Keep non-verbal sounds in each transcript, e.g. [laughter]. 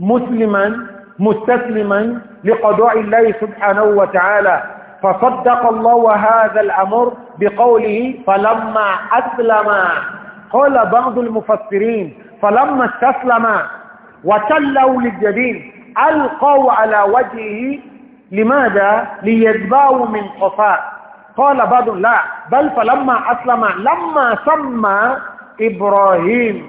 مسلما مستسلما لقضاء الله سبحانه وتعالى فصدق الله هذا الأمر بقوله فلما أسلم قال بعض المفسرين فلما استسلم وتلوا للجبين ألقوا على وجهه لماذا ليجبعوا من قفاء قال بعض لا بل فلما أسلم لما سمى إبراهيم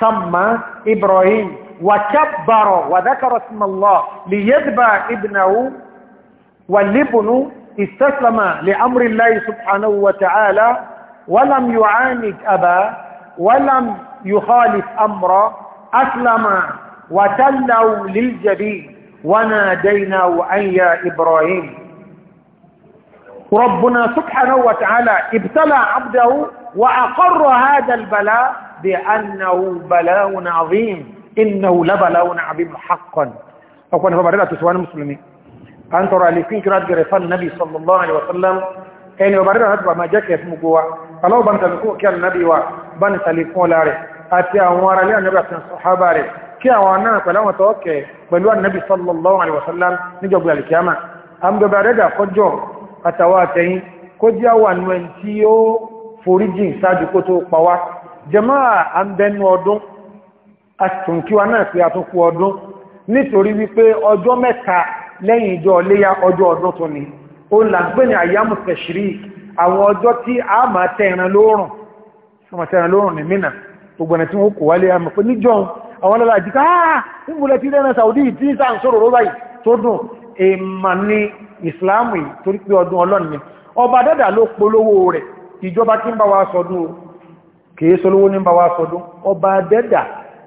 سمى إبراهيم وكبر وذكر اسم الله ليذبح ابنه والابن استسلم لأمر الله سبحانه وتعالى ولم يعاند أباه ولم يخالف أمره أسلم وتلوا للجبين وناديناه أن يا إبراهيم ربنا سبحانه وتعالى ابتلى عبده وأقر هذا البلاء بأنه بلاء عظيم innahu labalawun abim haqqan ọkùnrin bàbá rẹ̀ àtúnṣe wá ní mùsùlùmí a ń tọrọ àlèkún kíra gẹ̀rẹ̀ fún nabi sallallahu alaihi wasallam ẹni bàbá rẹ̀ àtúnṣe bàmá jẹ́kẹ̀ fún gbogbo wa aláwọ̀ bá ń tàbí nabi wa bá ń tàlékún ọlá rẹ̀ àti àwọn ará lé ànábì àti sàhábà rẹ̀ kí àwọn sallallahu alaihi wasallam níjọba alìkíyàmà a ń bẹ̀bẹ̀ rẹ̀ dàkọjọ́ àtàwọn àtẹ̀yìn kó jẹ́ àwọn ànú ẹni tí ó foríjìn sáájú kó tó pa wá jẹ́máà àtúnkíwa náà pé àtúnkú ọdún nítorí wípé ọjọ́ mẹ́ta lẹ́yìn ìjọ léyá ọjọ́ ọdún tó ní ó là ń ní àyámù tashrik àwọn ọjọ́ tí a máa tẹ̀ran lóòrùn ọmọ tẹ̀ran lóòrùn ní Mínà gbogbo ẹ̀nà tí wọ́n kò wálé àmọ́ pé níjọ́ àwọn alájì Saudi tí sá ń sọ̀rọ̀ rọ́bà yìí tó dùn èèmà ní ìsìláàmù yìí torí pé ọdún ọlọ́ni ọba dẹ́dà ló polówó rẹ̀ ìjọba tí ń bá ọba dẹ́dà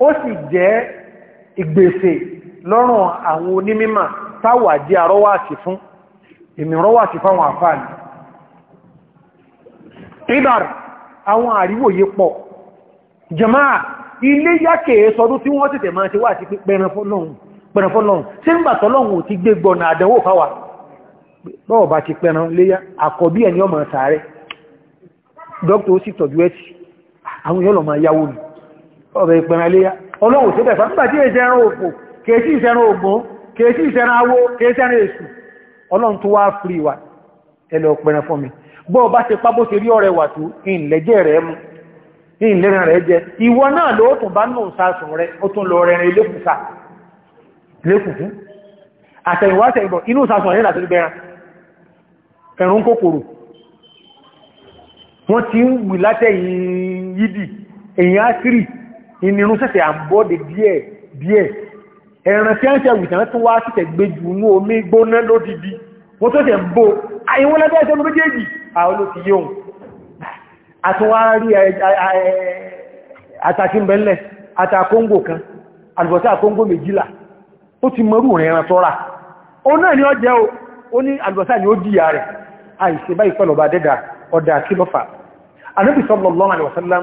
ó sì jẹ́ ìgbèsè lọ́rùn àwọn onímímà táwà jẹ́ arọ́wàsì fún ìmìrọ́wàsì fáwọn àfáàlì ìbàrì àwọn àríwòye pọ̀ jàmáà ilé yákẹ̀ sọdún tí wọ́n tètè máa ti wà sí tí ń ti gbé gbọ́nà fáwà bá ti léyá ẹni ọmọ ó sì tọ̀jú ẹ̀tì àwọn yọ́lọ̀ máa yáwó ni ọ̀rọ̀ ìpẹ̀rẹ̀lẹ́yà ọlọ́run tó bẹ̀fà nígbà tí èsì ẹran òfò kèèsì ìṣẹ́ran ògbón kèèsì ìṣẹ́ran awó kèèsì ẹran èṣù ọlọ́run tó wá fúrí wa ẹlẹ́ ọpẹran fún mi bọ́ bá ṣe pábó ṣe rí ọ̀rẹ́ wà tó ìlẹ́jẹ́ rẹ̀ mú ìlẹ́ran rẹ̀ jẹ ìwọ náà ló tún bá wọ́n ti ń wì látẹ̀yìn yídì èyàn á sírì ìnirun sẹ̀sẹ̀ à ń bọ́dẹ̀ díẹ̀ díẹ̀ ẹ̀ràn tí a ń ṣe àwùjọ tó wá síkẹ̀ gbé jù ní omi gbóná lódìdí wọ́n tó ṣẹ̀ ń bó àyíwọ́n lábẹ́ ẹ̀ṣẹ́ ọmọ méjèèjì àwọn olóti yóò àtúnwárí àtàkínbẹ̀lẹ̀ àtàkóngò kan àlùbọ́sà àkóngò méjìlá ó ti mọ́rú rẹ̀ ẹran tọ́ra ó náà ni ó jẹ́ ó ní àlùbọ́sà ni ó dìyà rẹ̀ àìṣẹ́bá ìpẹ́lọ̀bà dẹ́dà ọ̀dà kílọ́fà anábì sallallahu alaihi wasallam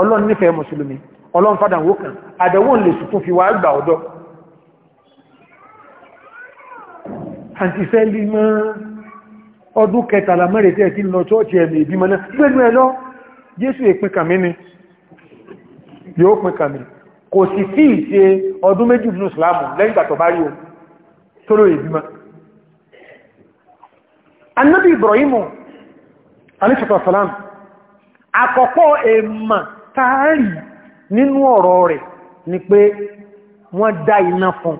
ọlọ́run nífẹ̀ẹ́ mùsùlùmí ọlọ́run fádà wó kan àdẹ̀wò lè sùtún fi wá gbà ọ̀dọ́ àntífẹ́lì mọ́ ọdún kẹtàlá mẹ́rẹ̀ tẹ́ tí lọ chọ́ọ̀tì ẹ̀mẹ̀ ìbí mọ́ná gbẹ́nu ẹ lọ jésù èpin kàmí ni yóò pin kàmí kò sì tí ìṣe ọdún méjì nínú ìsìlámù lẹ́yìn ìgbà tó bá rí o tóró ìbímọ annabi ibrahimu alẹ́sọ̀tọ̀ salam àkọ́kọ́ èèmà táàrí nínú ọ̀rọ̀ rẹ̀ ni pé wọ́n dá iná fún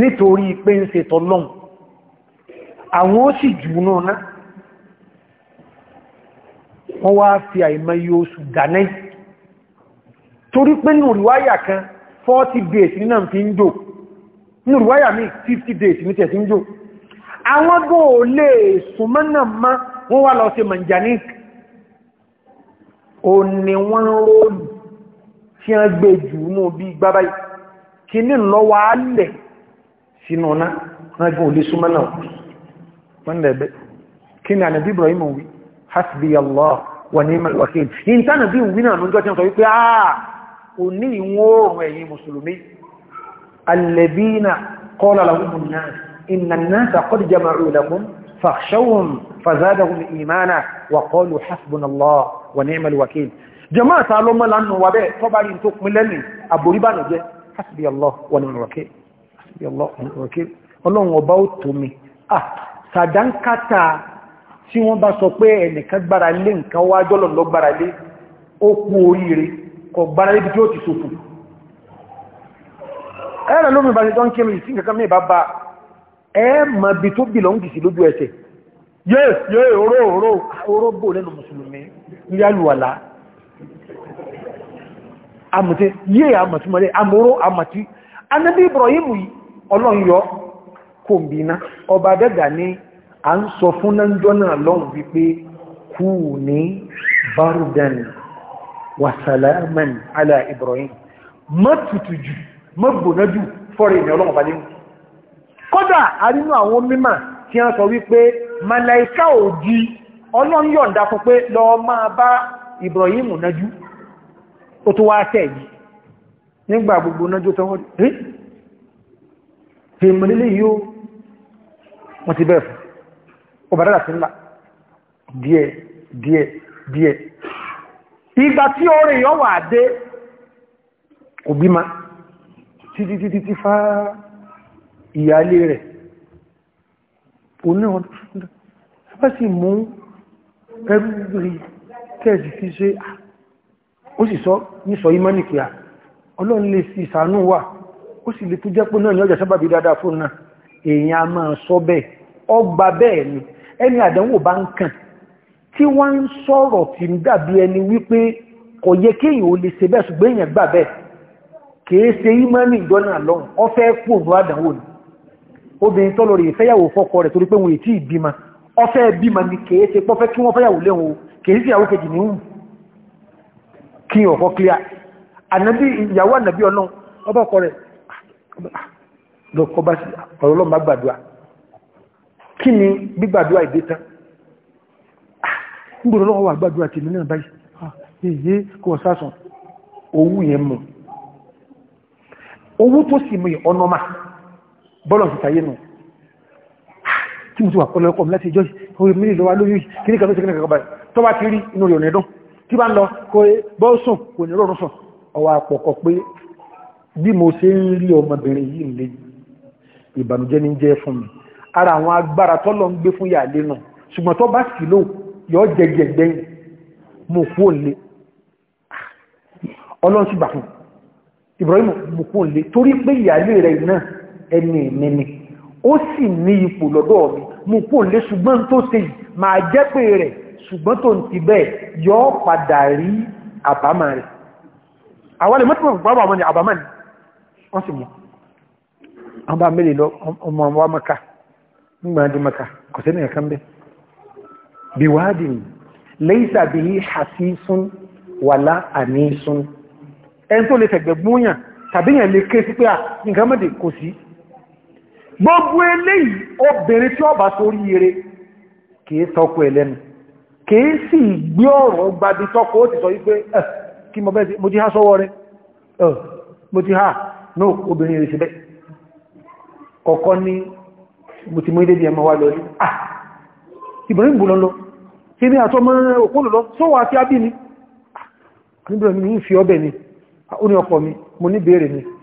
nítorí pé ń ṣe tọ́lọ́m àwọn ó sì jù náà wọ́n wá fi àìmọ́ yóò sù dáná torí pé nùrìwáyà kan 40 days ní náà fi ń jò nùrìwáyà mi 50 days ní tẹ̀ sí ń jò àwọn gbọ́ lè súnmọ́ náà má wọ́n wá lọ sí manjanik òní wọ́n róòlù tí wọ́n gbé jù mú bí gbábá kìíní lọ́wọ́ alẹ̀ sínú náà wọ́n gbọ́n olè súnmọ́ náà wọ́n lẹ́bẹ̀ kí ni ànàbí Ibrahim wí hasbi Allah wa ni'mal wakil wa qalu hasbunallah wà ní ìmẹ̀lú wákìlì jẹmọ́ àta ló mọ́lá nù wà bẹ́ẹ̀ tọ́ bá rí tó pin lẹ́nu àbòríbànú jẹ́ hasbi Allah wà ní wákìlì ọlọ́run ọba ó tó mi ah sàdánkátà tí wọ́n bá sọ pé ẹnìkan gbára lé nǹkan wá jọ́lọ̀ lọ gbára lé ó bí tí ó ti sòfò ẹ̀rẹ̀ yes yes oró oró oró bò lẹ́nu mùsùlùmí ní alùwàlá amùtí yé amàtí mọ́lẹ̀ amàtí anábí Ibrahim ọlọ́nyọ́ kò ọba dẹ́gà ní a ń sọ fún náà náà wípé kú ní ala Ibrahim ma tutu jù ma gbóná jù fọ́rẹ̀ arínú tí wọ́n sọ wípé màláìká ò di ọlọ́run yọ̀ǹda fún pé lọ máa bá Ibrahim nájú ó tó wá tẹ̀ yìí nígbà gbogbo nájú tó wọ́n rí fèmì nílé yóò wọ́n ti bẹ́ẹ̀ fún ọbàdàdà sí ńlá díẹ̀ díẹ̀ díẹ̀ ìgbà tí orin yọ wà dé òbí ma títí títí fá ìyálé rẹ̀ oní ọdún bá sì mú ẹrù rí tẹ́ẹ̀sì fi ṣe ó sì sọ ní sọ ìmọ́nìkìá ọlọ́run lè sí ìsànú wà ó sì lè tó jẹ́ pé náà ní ọjà sábàbí dáadáa fún náà èèyàn a máa sọ bẹ́ẹ̀ ọgbà bẹ́ẹ̀ ni ẹni àdánwò bá ń kàn tí wọ́n ń sọ̀rọ̀ tí ń dàbí ẹni wípé kò yẹ kéèyàn ò lè ṣe bẹ́ẹ̀ ṣùgbọ́n èèyàn gbà bẹ́ẹ̀ kìí ṣe ìmọ́nì ìjọ náà obìnrin tó lórí ìfẹ́yàwó fọ́kọ rẹ̀ torí pé wọn ètí ìbímọ ọfẹ́ bímọ ni kèé ṣe pọ́fẹ́ kí wọ́n fẹ́yàwó lẹ́wọ̀n kèé sí àwọn kejì níhùn kí ọ̀fọ́ clear ànábí ìyàwó ànábí ọlọ́run ọba ọkọ rẹ̀ ah, lọ́kọ́ bá sí ọlọ́run bá gbàdúrà kí ni gbígbàdúrà ìdé tán ń gbọ́dọ̀ lọ́wọ́ wà owó tó sì mú ọ̀nà máa bọ́lọ̀ ti tàyé nù tí mo ti wà pọ́lọ́ ọkọ̀ láti ìjọ́sí orí mílì lọ́wà lórí kíní kan tó ṣe kíní kan báyìí tó bá ti rí inú rẹ̀ ọ̀nà ẹ̀dán tí bá ń lọ kó bọ́ sùn kò ní rọrùn sùn ọwọ́ àpọ̀kọ̀ pé bí mo ṣe ń rí ọmọbìnrin yìí lè ìbànújẹ́ ní jẹ́ fún mi ara àwọn agbára tó lọ ń gbé fún yàlé náà ṣùgbọ́n tó bá sì lò yọ jẹjẹ gbẹ̀yìn mo kú òǹlé ọlọ́run sì gbà fún Ibrahim mo kú òǹlé torí pé ìyàlé rẹ̀ náà ẹni ìmẹ́ni ó sì ní ipò lọ́dọ̀ mi mú kó lé ṣùgbọ́n tó ṣe máa jẹ́ pé rẹ̀ ṣùgbọ́n tó ń ti bẹ́ẹ̀ yọ́ padà rí àbámà rẹ̀ àwọn ilẹ̀ mọ́tún pàpàá àwọn àbámà ni wọ́n sì mú àwọn bá mẹ́lẹ̀ lọ ọmọ wa maka nígbàdí maka kò sí nìkan bẹ́ bí wádìí ni lẹ́yìnsà bí i hasisun wàlá àníṣun ẹni tàbí yẹn lè ké sí pé à nǹkan mọ́dé kò sí gbogbo eléyìí obìnrin tí ọba ire kìí sọkọ ẹlẹ́nu kìí sì ọ̀rọ̀ gbadi tọkọ ó ti sọ wípé ẹ̀ kí mo bẹ́ẹ̀ mo ti há sọ́wọ́ rẹ̀ ẹ̀ mo ti há náà obìnrin rẹ̀ síbẹ̀ kọ̀kọ́ ní mo ti mú ilé ah, bí ah, ẹmọ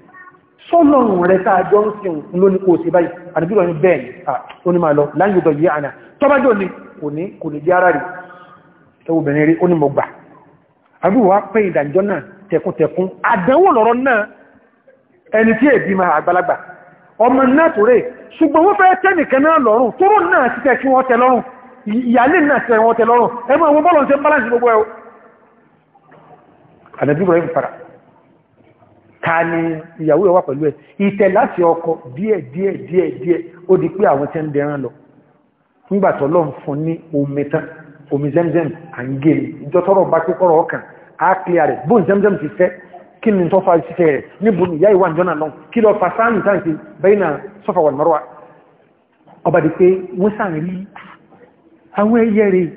sọ́lọ̀rùn rẹ̀ tàà jọ ń sin ló ní kò sí báyìí àdúgbò ní bẹ́ẹ̀ onímọ̀ lọ láyé ọgbẹ̀ yìí àná tọ́bájọ́ ní kò ní kò lè jẹ́ ara rí ẹwùbìnrin rí onímọ̀gbà àdúgbò wá pé ìdàjọ́ náà tẹkuntẹkun àdánwò lọ́rọ̀ náà ẹni tí èbí ma àgbàlagbà ọmọ náà tó rẹ̀ ṣùgbọ́n wọ́n fẹ́ tẹ́nìkan náà lọ́rùn tóró náà ti tẹ́ kí wọ́n tẹ lọ́rùn ìyálé náà ti tẹ́ wọ́n tẹ lọ́rùn ẹgbẹ́ wọn bọ́lọ̀ ń ṣe balance gbogbo ẹ̀ ta ni ìyàwó ẹwà pẹ̀lú ẹ̀ ìtẹ̀ láti ọkọ díẹ̀ díẹ̀ díẹ̀ díẹ̀ ó di pé àwọn tẹ́ ń dẹran lọ nígbàtọ̀ lọ́n fún ní omi tán omi zemzem à ń gé ní ìjọ tọrọ bá pé kọrọ ọkàn á pè rẹ̀ bó zemzem ti fẹ́ kí ni tó fa ṣiṣẹ́ rẹ̀ níbo ni ìyá ìwà ìjọ náà lọ kí lọ fa sáàmì táǹtì bẹ́ẹ̀ náà Safa wal Marwa ọba di pé wọ́n sàn rí àwọn ẹyẹ rẹ̀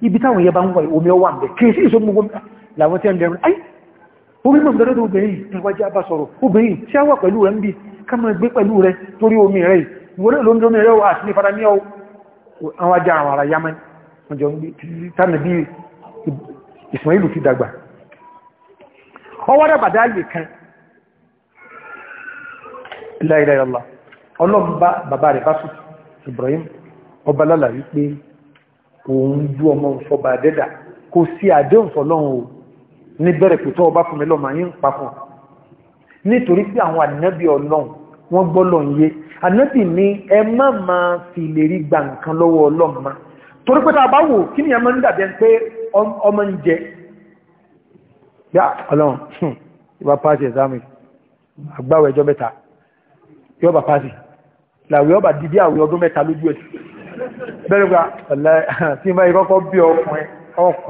ibi táwọn ẹyẹ bá ń wọ omi ọwà ń bẹ̀ kì sí ìṣòro obìnrin pẹ̀lú ọdún obìnrin ìwájú àbá sọ̀rọ̀ obìnrin tí a wà pẹ̀lú rẹ̀ ń bí ká mọ́ gbé pẹ̀lú rẹ̀ torí omi rẹ̀ ìwọ̀n ló ń dómi rẹ̀ wà sí fara ní àwọn ajá àwọn ará yamẹ́ ọjọ́ tánà bí Ismailu fi dàgbà ọwọ́ dàgbà dáyé kan la ilaha illallah ọlọ́mbà bàbá rẹ̀ bá sùn Ibrahim ní bẹ̀rẹ̀ pẹ̀tọ́ ọba fún mi lọ́mọ yín pa fún nítorí pé àwọn ànábì ọlọ́run wọ́n gbọ́lọ̀ yé ànábì ní ẹ má máa fi lè rí gba nǹkan lọ́wọ́ ọlọ́run ma torí pé tàbá wò kí ni ẹ máa ń dàbẹ́ pé ọmọ ń jẹ yá ọlọ́run ìwà hmm,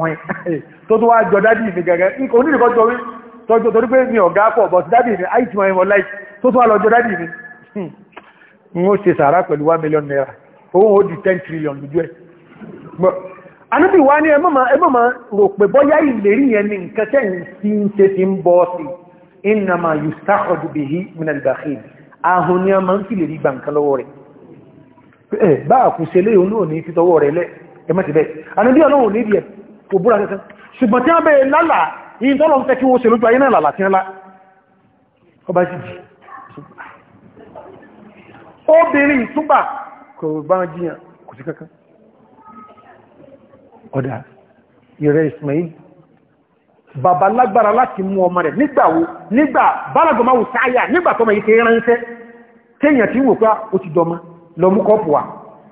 pàṣẹ [laughs] [laughs] tó tó wá jọ dádì mi gẹ̀gẹ̀ onídìkọ́ jọ tọ́jọ́ torí pé mi ọ̀gá pọ̀ bọ̀ dádì mi àìtì ìwọ̀n láì tó tó wá lọ jọ dádì mi hmm. n ṣe million naira owó di trillion lójú ẹ̀ anúbì wá ní ẹmọ́mà rò pé bọ́yá ìlérí yẹn ni nǹkan tẹ́ ń ṣe ti ń bọ́ sí ìnàmà ahun ni a máa ń fi lè rí gbà nǹkan lọ́wọ́ rẹ̀ léyìn olóòní rẹ̀ ṣùgbọ́n tí wọ́n bẹ̀rẹ̀ lálà yìí tọ́lọ̀ ń fẹ́ kí wọ́n ṣe lójú ayé náà lálà tí wọ́n lá ọba sí jì obìnrin ìtúbà kò bá wọn jíyàn kò sí kankan ọ̀dà ìrẹ́ Ismail bàbá lágbára láti mú ọmọ rẹ̀ nígbàwó nígbà bálagọmáwò ah, wa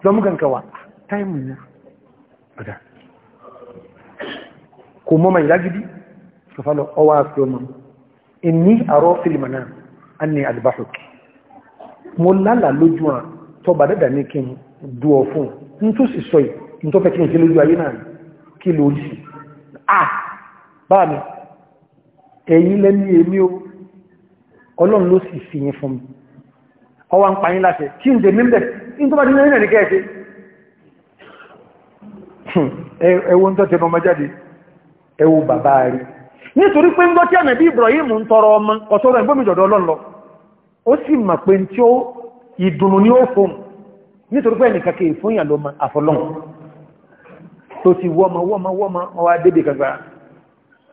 lọmú kankan wa ah, táìmù náà kò mọ́mà ìlágídí ṣùfàlọ̀ ọwá àti ọmọ inni àrọ́ fílìmọ̀nà anni albahuk mo lálà lójú à tọ́ bà dẹ́dà ní kí n du ọ fún n tó sì sọ yìí n tó fẹ́ kí n ṣe lójú ayé náà kí ló rí ah bá mi ẹ̀yìn lẹ́ni èmi o ọlọ́run ló sì fi yín fún mi ọwá ń payín láṣẹ kí n dè mí bẹ̀ tó bá dín náà ní kẹ́ẹ̀ṣe ẹ wo bàbá rí nítorí pé ńgbọ́ tí ànàbí Ibrahim ń tọrọ ọmọ ọ̀sọ́rọ̀ ìgbómìjọ̀dọ̀ ọlọ́lọ́ ó sì mọ̀ pé tí ó ìdùnnú ní ó fún nítorí pé ẹnìkan kìí fún ìyàn lọ́mọ àfọlọ́n tó ti wọ́mọ wọ́mọ wọ́mọ ọwá débè gbàgbà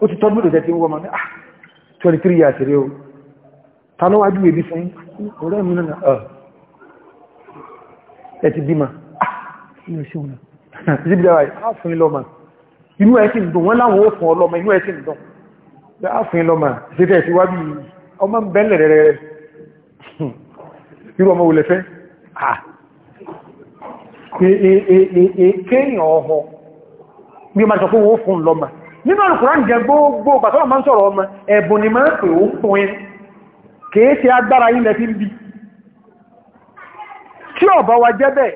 ó ti tọ́jú lòtẹ́ tí wọ́mọ ah 23 years rẹ̀ o ta ló wájú ebi fún ah, ọ̀rẹ́ mi náà ọ̀ ah. ẹ ti bímọ ah mi ò sí [laughs] inú ẹ̀sìn dùn wọ́n láwọn ó fún ọlọ́mọ inú ẹ̀sìn dùn láàfin lọ́mà títẹ̀ sí wá bí ọmọ bẹ́ẹ̀lẹ̀ rẹ̀rẹ̀ irú ọmọ olẹ́fẹ́ kéèyàn ọ̀họ̀ bí ma sọ fún ó fún lọ́mà nínú Al-Kùránì jẹ gbogbo bàtọ́lá máa ń sọ̀rọ̀ ọmọ ẹ̀bùn ni máa ń pè ó fún ẹ kèé ṣe agbára ilẹ̀ fi ń bí tí ọ̀bá wa jẹ́ bẹ́ẹ̀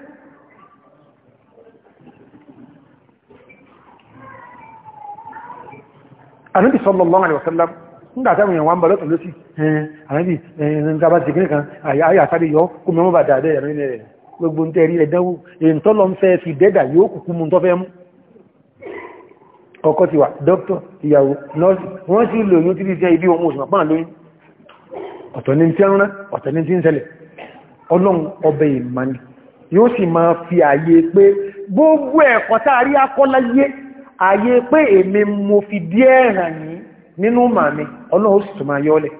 ànábì sallallahu alaihi wasallam nígbà táwọn èèyàn wá ń bọ̀ lọ́tọ̀ lọ́sì ànábì ẹ̀ẹ́dẹ́gbà ti gíní kan àyà sáré yọ kó mẹ́mọ́ bà dáadẹ́ ẹ̀rin rẹ̀ gbogbo tẹ́ rí ẹ̀dánwò èyí tó lọ ń fẹ́ fi dẹ́dà yóò kùkú mú tó fẹ́ mú ọkọ ti wà dókítọ̀ ìyàwó nọ́ọ̀sì wọ́n sì lòyún títí sí ibi ohun òṣùmọ̀ pàà lóyún ọ̀tọ̀ ní tí ń rán ọ̀tọ̀ ní tí ń ṣẹlẹ̀ ọlọ́run ọbẹ̀ ìmọ̀ ni yóò sì fi ààyè pé gbogbo ẹ̀kọ́ tá a rí akọ́láyé ayé pé èmi mo fi díẹ̀ hàn yí nínú màmí ọlọ́run sì tún máa yọ́lẹ̀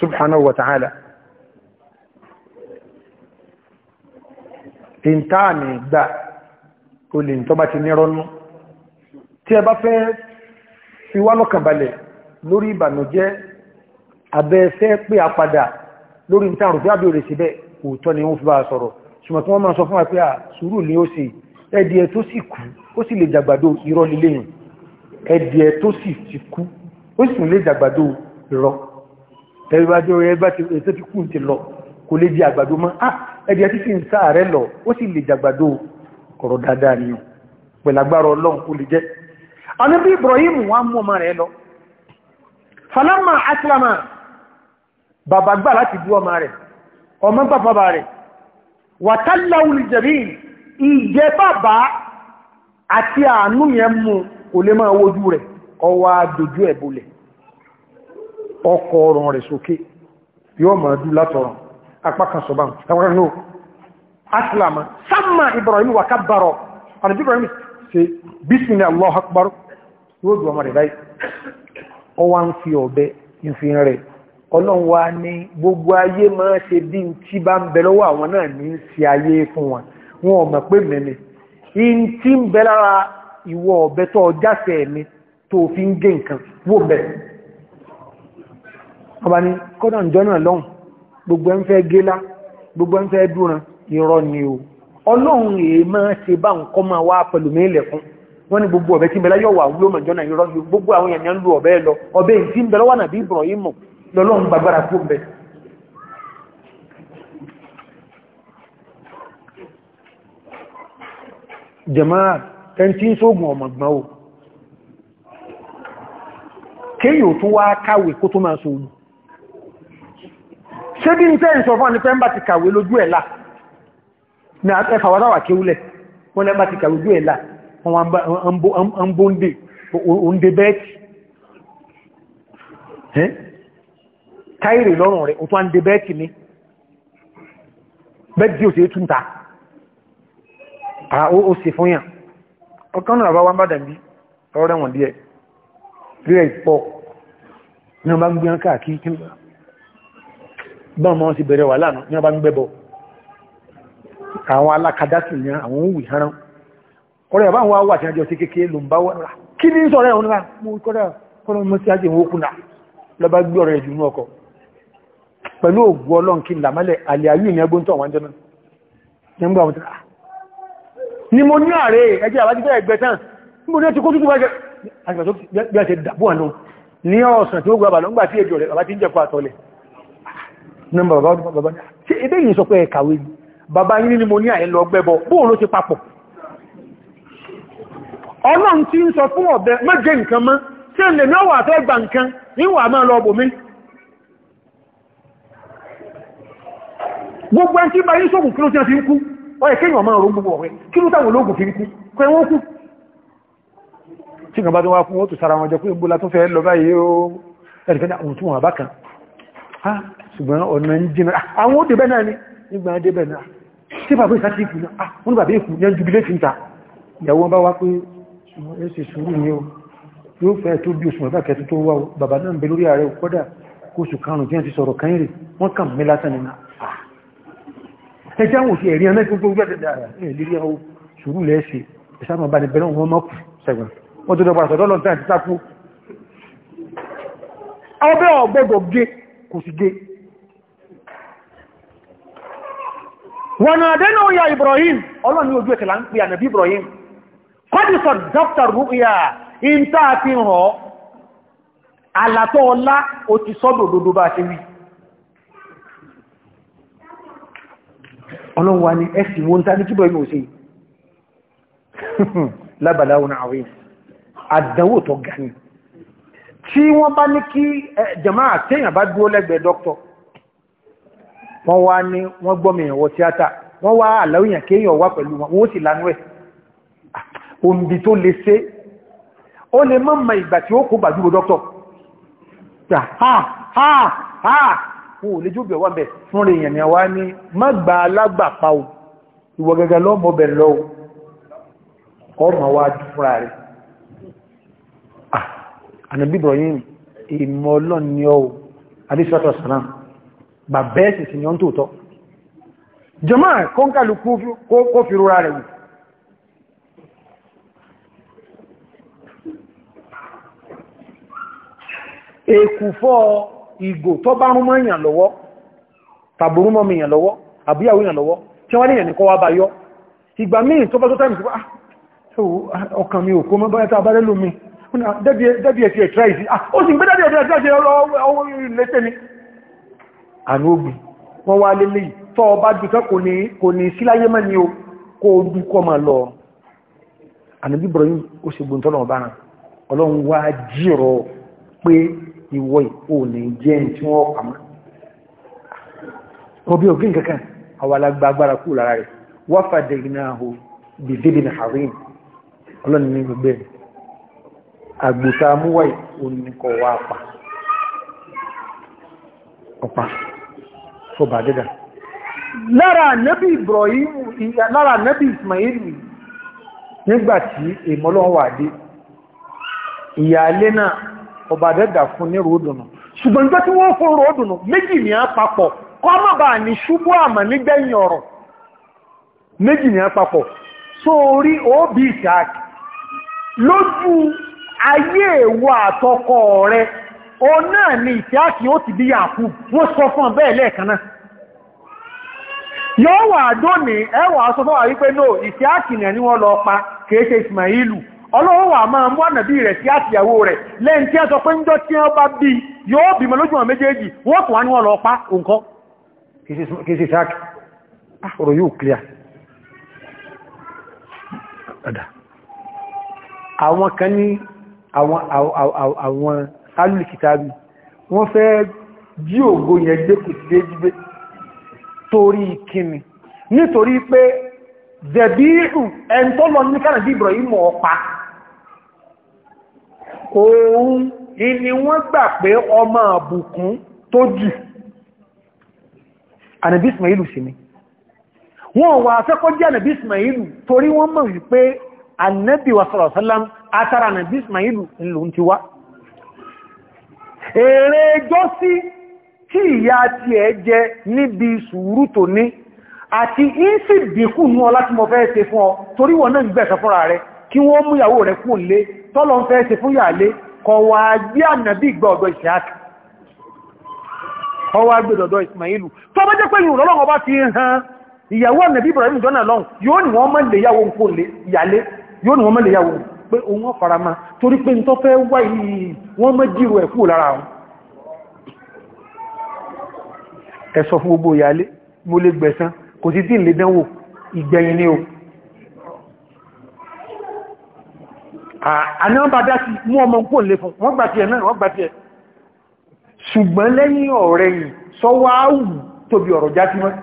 subhanahu wa ta'ala ìntáàmì ìgbà olè tó bá ti nírọ́nú tí ẹ bá fẹ́ fi wá lọ́kànbalẹ̀ lórí ìbànújẹ́ abẹ́ẹ̀fẹ́ pé a padà lórí ìtàrùn o àbí òrèsì bẹ́ẹ̀ òótọ́ ni wọ́n fi bá sọ̀rọ̀ ṣùgbọ́n tí wọ́n máa sọ fún wa pé à sùúrù ni ó sì ẹdìẹ tó sì kú ó sì lè jàgbàdo irọ́ lílé yìí ẹdìẹ tó sì ti kú ó sì lè jàgbàdo irọ́ ẹgbàdo ẹgbà tó ti kú ti lọ kò lè di àgbàdo mọ́ ah ẹdìẹ tí sì ń sá ààrẹ lọ ó sì lè jàgbàdo kọ̀rọ̀ dáadáa ni pẹ̀lágbára ọlọ́run kò lè jẹ́ anábí Ibrahim wá mú ọmọ rẹ̀ lọ falama aslama bàbá gbà láti bú ọmọ rẹ̀ ọmọ bàbá rẹ̀ wàtálà olùjẹ̀bí ìjẹ́ bàbá àti àánú yẹn mú kò lè máa wojú rẹ̀ ọwá dojú ẹ̀bùlẹ̀ ọkọ̀ ọ̀rọ̀ rẹ̀ sókè yóò máa dú látọ̀rọ̀ apákan sọ̀bá Allah akbar yóò dù ọmọ rẹ̀ báyìí ọwá ń fi ọ̀bẹ ń fi rẹ̀ ọlọ́run wa ní gbogbo ayé máa ṣe bí tí bá ń bẹ lọ́wọ́ àwọn náà ní ṣe ayé fún wọn wọn ọmọ pé mẹ́ni in tí ń bẹ lára ìwọ ọ̀bẹ tó jáṣẹ́ mi tó fi ń gé nǹkan wò bẹ̀ ọba ni kọ́dà ìjọ náà gbogbo ẹ̀ ń gbogbo ẹ̀ ń fẹ́ dúran ni o ọlọ́run èé ṣe bá máa wá pẹ̀lú wọ́n ni gbogbo ọ̀bẹ jẹmáà ẹntí ń sógun ọmọgbọ́n o kéyò tó wá káwẹ̀ kó tó máa sógun ṣé bí n tẹ́ ń sọ fún ọ̀nà pẹ́mbà ti kàwé lójú ẹ̀lá ní ẹfàwọ́dáwà kéwúlẹ̀ wọ́n lẹ́mbà ti kàwé lójú ẹ̀lá wọ́n bó ń dé bẹ́ẹ̀tì káìrì lọ́rùn rẹ̀ ó tó ń dé bẹ́ẹ̀tì ní bẹ́ẹ̀tì ò ó sì fún yàn ọkàn náà bá wá bá dàbí ọ̀rẹ́ wọn díẹ̀ rírẹ̀ pọ̀ ní ọba gbé wọn káàkiri kí bá wọn ti bẹ̀rẹ̀ wà lánàá ní ọba gbẹ́bọ̀ àwọn alákadásì ní àwọn òwì haran ọ̀rẹ́ ọba wọn wà tí wọ́n jọ sí kékeré ló ń bá wọn rà kí ní sọ̀rẹ́ òun pẹ̀lú ògùn ọlọ́nkí làmálẹ̀ àlẹ́ ayé ìyẹn gbóntọ̀ wọn jọ náà ni mo ní ààrẹ ẹjẹ́ àbájífẹ́ ẹgbẹ́ tán mo ní ẹ ti kó tútù bí a ṣe dàbò àná ní ọ̀sán tí ó gbà bàlọ́ngbà tí èdè rẹ̀ bàbá ti ń jẹ́ kó àtọ́lẹ̀ nọ́mbà bàbá ní ṣe ebé yìí sọ pé ẹ̀kàwé bàbá yìí ni mo ní ààrẹ lọ gbẹ́bọ bóòrùn ló ti papọ̀ ọlọ́run ti ń sọ fún ọ̀bẹ mẹ́jẹ nǹkan mọ́ tí ẹ̀lẹ̀ mẹ́wà fẹ́ gbà nǹkan níwà máa lọ bòmí gbogbo ẹn tí bá yí sókùn kí ló ti ń kú ọ̀yẹ̀ kéèyàn máa rò gbogbo ọ̀rẹ́ kí ló táwọn ológun fi ń kú pé wọ́n kú tí kan bá tó wá fún wọ́n tó sára wọn jọ pé gbóla tó fẹ́ lọ báyìí ó ẹ̀rìkẹ́dà ohun tí wọ́n bá kan ṣùgbọ́n ọ̀nà ń jìnà ah, àwọn òdè bẹ́ẹ̀ náà ni nígbà dé bẹ́ẹ̀ náà tí bàbá ìsá ti kù náà ah, wọ́n bàbá ìkù ní jubilé fi ń ta ìyàwó wọn bá wá pé ẹsẹ̀ sùúrù ni ó yóò fẹ́ tó bí oṣù mẹ́fà kẹtù tó wá bàbá náà ń bẹ lórí ààrẹ kọ́dà kóṣù karùn-ún tí wọ́n ti sọ̀rọ̀ kan rè wọ́n kàn mí lásán nìyà ẹjá wò sí ẹ̀rí ẹ̀mẹ́ tó gbogbo ẹ̀dẹ̀dẹ̀ ààrẹ ní ìlérí ẹ̀họ́ ṣùgbọ́n lẹ́ẹ̀ṣẹ̀ ìsámọ̀ bá ní bẹ̀rẹ̀ wọn mọ́kù sẹ́gbọ̀n wọ́n tó dọ̀bà sọ̀dọ́ lọ́nà tí tákú ọbẹ̀ ọ̀gbọ́gbọ̀ gé kò sí gé wọn àdẹ́nà òyà Ibrahim ọlọ́ni ojú ẹ̀kẹ̀lá ń pè ànàbí dr ruya in a fi hàn alàtọ̀ ọlá ó ti sọ́dọ̀ ọlọ́run wa ni ẹ̀sìn wọn tá ní kíbọ̀ inú òsè [laughs] lábàláwò náà àwọn àdánwò tó ga ni tí wọ́n bá ní kí jama àtẹ́yàn bá dúró lẹ́gbẹ̀ẹ́ dọ́kítọ̀ wọ́n wá ní wọ́n gbọ́mọ̀ ìyànwó tíátà wọ́n wá àlàóyàn kéèyàn wá wọn ò lè bẹ̀ fún rẹ̀ èèyàn wá ní má gba alágbàpá o ìwọ̀ gẹ́gẹ́ lọ́mọ bẹ̀ lọ ọmọ wa fúnra rẹ̀ ah, ànàbí Ibrahim ìmọ̀ ọlọ́ni ọ adéṣọ́tọ̀ sàrán bàbẹ́ ẹ̀sì sí yọ́n tóòtọ́ jọmọ́ kọ́nkàlù kó fi rúra rẹ̀ wù èkùfọ́ ìgò tó bá rún mọ́yàn lọ́wọ́ tàbùrún mọ́ mìyàn lọ́wọ́ àbúyàwó yàn lọ́wọ́ tí wọ́n níyàn ní kọ́ wá bá yọ́ ìgbà míì tó bá tó tàbí sípá ah, ah, ọkàn mi ò kó mọ́ báyẹ́ta abárẹ́ lómi dẹ́bí ẹ̀tì ẹ̀tì ẹ̀tì ó sì ń gbé dẹ́bí ẹ̀tì ẹ̀tì ẹ̀tì ọwọ́ ilẹ̀ ní àánú ògbì wọ́n wá lélẹ̀ tọ́ ọba dùkẹ́ kò ní síláyé mọ́ ni o kó dúkọ́ máa lọ àníbí ìwọ ìpò ní jẹ́ tí wọ́n pàmọ́ ọbí ògín kankan àwàlágbà agbára kú lára rẹ̀ wáfàdé iná ahò bìbìbì ní harim ọlọ́ni ní gbogbo ẹ̀ àgbòta amúwà oníkọ̀ wá pa ọ̀pá fọba dẹ́dà lára nẹ́bí wà dé ọba dẹ́dà fún ní ròódùnù ṣùgbọ́n tó tí wọ́n fún ròódùnù méjì ní àpapọ̀ kọ́ má bàa ní ṣubú àmà nígbẹ̀yìn ọ̀rọ̀ méjì ní àpapọ̀ òbí isaac lójú ayé o náà ni isaac yóò ti bí yàkú wọ́n sọ fún ọ bẹ́ẹ̀ lẹ́ẹ̀kan náà yóò wà dóní ẹwà wípé pa ṣe ọlọ́run wà máa mú ànàbí rẹ̀ sí àtìyàwó rẹ̀ lẹ́yìn tí a sọ pé ń jọ tí wọ́n bá bí yóò bímọ lójú wọn méjèèjì wọ́n tún wá ní wọ́n lọ pa nǹkan kìí sáàkì ah, ọ̀rọ̀ yóò clear ọ̀dà àwọn kan ní àwọn alùkìtàbí wọ́n fẹ́ jí ògo yẹn gbé kùtìdé jígbé torí kíni nítorí pé zẹ̀bí ẹ̀ntọ́lọ ní kánàdí Ibrahim ọ̀pá òun ni wọ́n gbà pé ọmọ àbùkún tó jù ànàbí ismailu sí ni wọ́n wà afẹ́kọ́ jẹ́ ànàbí ismailu torí wọ́n mọ̀ wípé ànàbí wa sọ̀rọ̀sọ́lám atara ànàbí ismailu ńlò ti wá èrè jọ́sí tí ìyá ti ẹ jẹ níbi sùúrù tó ní àti ìsì dínkù ní ọlá tí mo fẹ́ ṣe fún ọ torí wọ́n náà gbẹ̀ẹ́sọ fúnra rẹ kí wọ́n mú ìyàwó rẹ kú lé tọ́lọ ń fẹ́ ṣe fún yàlé kọ wà gbé ànàbí gbọ́ọ̀dọ̀ ìṣàkì ọwà gbẹ̀dọ̀dọ̀ ìsmailu tó bá jẹ́ pé ìrùn lọ́lọ́wọ́ bá ti hàn ìyàwó ànàbí ibrahim jọ́nà lọ́n yóò ní wọ́n mọ́ lè yàwó ń kó yàlé yóò ní wọ́n mọ́ lè yàwó pé òun wọ́n fara ma torí pé tó fẹ́ wá yìí àní wọ́n bá dá sí mú ọmọ pò lè fún wọ́n gbà tí ẹ̀ náà wọ́n gbà tí ẹ̀ ṣùgbọ́n lẹ́yìn ọ̀rẹ́ yìí sọ́wọ́ áwù tóbi ọ̀rọ̀ já sí wọ́n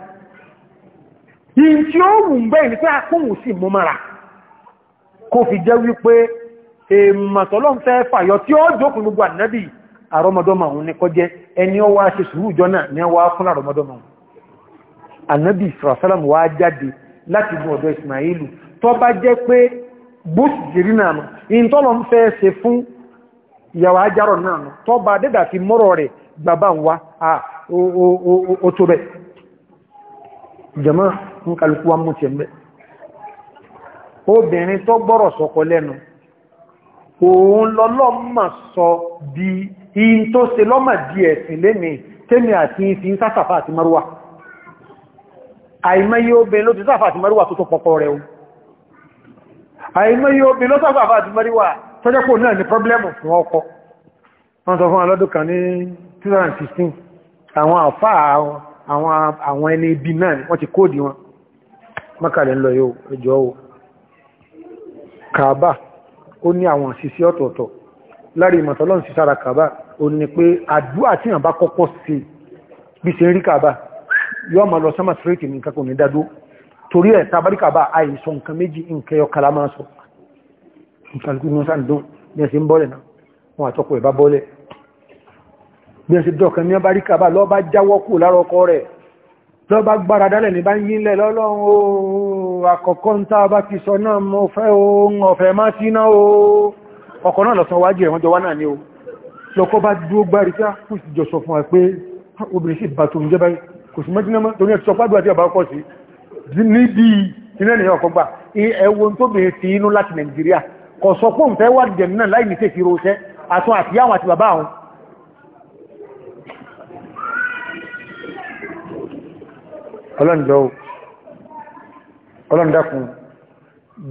yìí tí ó wù ń bẹ́ẹ̀ ní pé akóhùn sí mú mara kó fi jẹ́ wípé èèmọ̀tọ́lọ́n fẹ́ fàyọ tí ó bó sì náà nù in tọ́lọ ń fẹ́ ṣe fún ìyàwó ajárọ̀ náà nù tọ́ bá mọ́rọ̀ rẹ̀ gbàbá ń wá o jẹ́mọ́ ń wa mú ti ẹ̀mẹ́ obìnrin tọ́ gbọ́rọ̀ sọ́kọ lẹ́nu ló ti àti àìmọ́ yóò bí lọ́sàgbà àfà àti mọ́ríwà tọ́jẹ́ pò náà ní pọ́blẹ́mù fún ọkọ wọ́n sọ fún alọ́dún kan ní 2016 àwọn àfà àwọn ẹni ibi náà wọ́n ti kóòdì wọn mọ́kàlẹ̀ ń lọ yóò ẹjọ́ o kàábà ó ní àwọn àṣìṣe ọ̀tọ̀ọ̀tọ̀ lárí ìmọ̀tọ́lọ́n sí sára kàábà ó ní pé àdúà tí yàn bá kọ́kọ́ sí bí ṣe ń rí kàábà yóò máa lọ torí ẹ̀ tàbáríkà bá àìsọ nǹkan méjì nǹkan yọ kalama sọ ìkàlùkù ní sáà dùn bí ẹ sì ń bọ́lẹ̀ náà wọn àtọ́kọ̀ ẹ̀bá bọ́lẹ̀ bí ẹ sì dọ̀kan ní ọbáríkà bá lọ́bá jáwọ́ kù lára sọ náà mo fẹ́ o ọkọ̀ náà lọ́sàn wájú ẹ̀wọ́n jọ wá náà ni o lọ́kọ́ bá dúró gbárí tí a kù sí jọ sọ fún wa pé obìnrin sì bá tó ń jẹ́ torí ẹ̀ sọ pàdùn àti ọba ọkọ̀ sí níbi iná ènìyàn ọ̀kọ́ gbà ẹwọ́n tó bèèrè sí inú láti nàìjíríà kọ̀ sọ pé òǹfẹ́ wà jẹ̀ náà láì ní tèkì roṣẹ́ àtún àti yáwọn àti bàbá àwọn ọlọ́ndọ́kùn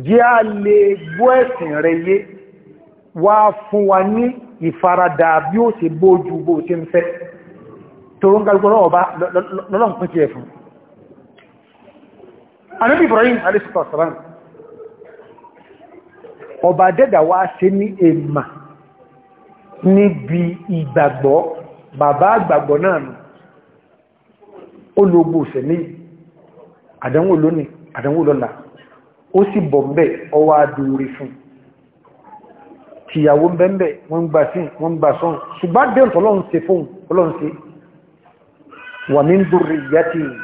jẹ́ a lè gbọ́ ẹ̀sìn rẹ̀ yé wá fún wa ní ìfaradà bí ó ṣe bójú bó ṣe ń fẹ́ torúngalgbọ́n ọba lọ́lọ́pùn ti anábì Ibrahim alẹ́sìtọ̀sọ̀rán ọba dẹ́dà wá ṣe ní èmà níbi ìgbàgbọ́ bàbá àgbàgbọ́ náà nù olóògbò òsẹ̀lẹ̀ àdánwò lónìí àdánwò lọ́la ó sì bọ̀ mbẹ̀ ọwá adúrí fún tìyàwó mbẹ̀mbẹ̀ wọ́n gbà sí wọ́n gbà sọ́n ṣùgbá dẹ́ntọ́lọ́n se fún ọlọ́n se wà ní dúrí yàtìyàn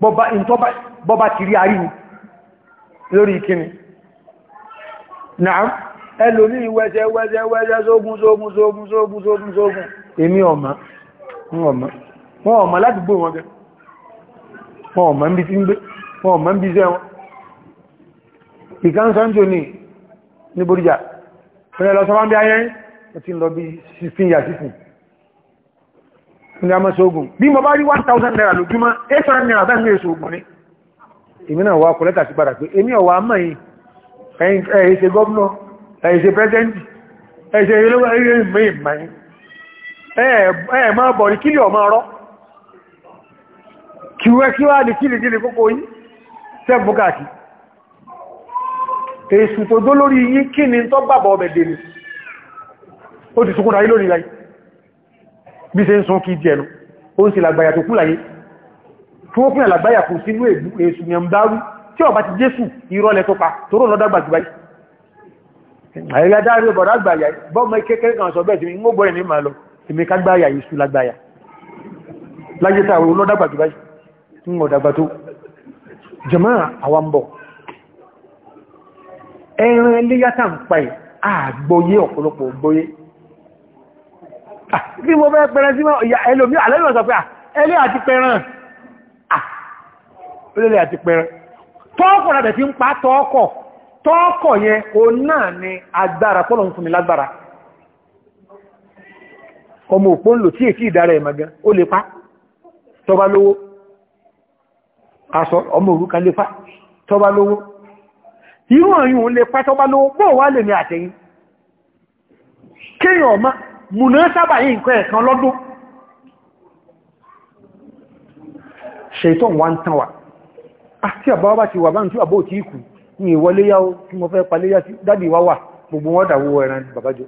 bọ́bá ti rí àríwú lórí ìkíni náà ẹlòmí wẹ́sẹ̀ wẹ́sẹ̀ wẹ́sẹ̀ sógún sógún sógún sógún sógún sógún èmi ọ̀mà wọn ọ̀mà láti gbò wọn gẹ́ wọn ọ̀mà ń bí tí ń gbé wọn ọ̀mà ń bí iṣẹ́ wọn ìkánsánjò ní níboríjà fẹ́lẹ̀ lọ sọ́wọ́n bí ayẹ́rin ó ti lọ bí 16 yà 16 ní a mọ́sí ogun bí mo bá rí 1000 naira lójúmọ́ 800 naira bẹ́ẹ̀ ní èso ogun ní èmi náà wá kọ̀lẹ́tà sí padà pé èmi ọ̀wà mọ́yìn ẹ̀ẹ́sẹ̀ gọ́ọ̀nà ẹ̀ẹ́sẹ̀ pẹ́sẹ́ntì ẹ̀ẹ́sẹ̀ ilé-ẹ̀ẹ́sẹ̀ èṣù tó dó lórí yí kí ni tó gbàbọ̀ ọbẹ̀ dèmi ó ti tukúnra yí lórí láyé bí ṣe ń sọ kí jẹ́nu ó ń ṣe làgbàyà tó kú láyé tí wọ́n fún kò sínú ègbú èsù ni ọmọdá rú tí ti jésù ìrọ́lẹ̀ tó pa tó rọ̀ lọ́dàgbà jù báyìí àìlẹ́dárí ọbọ̀dá àgbàyà bọ́mọ kékeré kan sọ bẹ́ẹ̀ sí mú gbọ́rẹ̀ ní màá lọ èmi kágbàyà èsù làgbàyà láyé táwọn olódàgbà jù báyìí ń ọ̀dàgbà tó jẹmọ́ àwọn ń bọ̀ ẹran iléyàtà ń pa ẹ̀ àgbọ́yé ọ̀pọ̀lọpọ̀ gbọ́yé Ah, bí mo fẹ́ pẹran sí ìyá ẹlòmí àlẹ́lò sọ pé ah, ẹlẹ́ àti pẹran ah, ẹlẹ́ àti pẹran tọ́ọ̀kọ̀ rẹ̀ tí ń pa tọ́ọ̀kọ̀ tọ́ọ̀kọ̀ yẹn o náà ni agbára pọ́lọ̀ ń fún mi lágbára ọmọ òpó ń lò tí èkí ìdára ẹ̀ magan ó lè pa tọba lówó aṣọ ọmọ òrukàn lè pa tọba lówó kéèyàn ọmọ múná sábà yí nǹkan ẹ̀kan lọ́dún ṣètọ́n wá ń tán wà àti ah, àbá wá ti wà bá ń tí àbó tí ikú ní ìwọlé yá ó kí mo fẹ́ palé yá tí dádì wá wà gbogbo wọ́n dàwó ẹran bàbájọ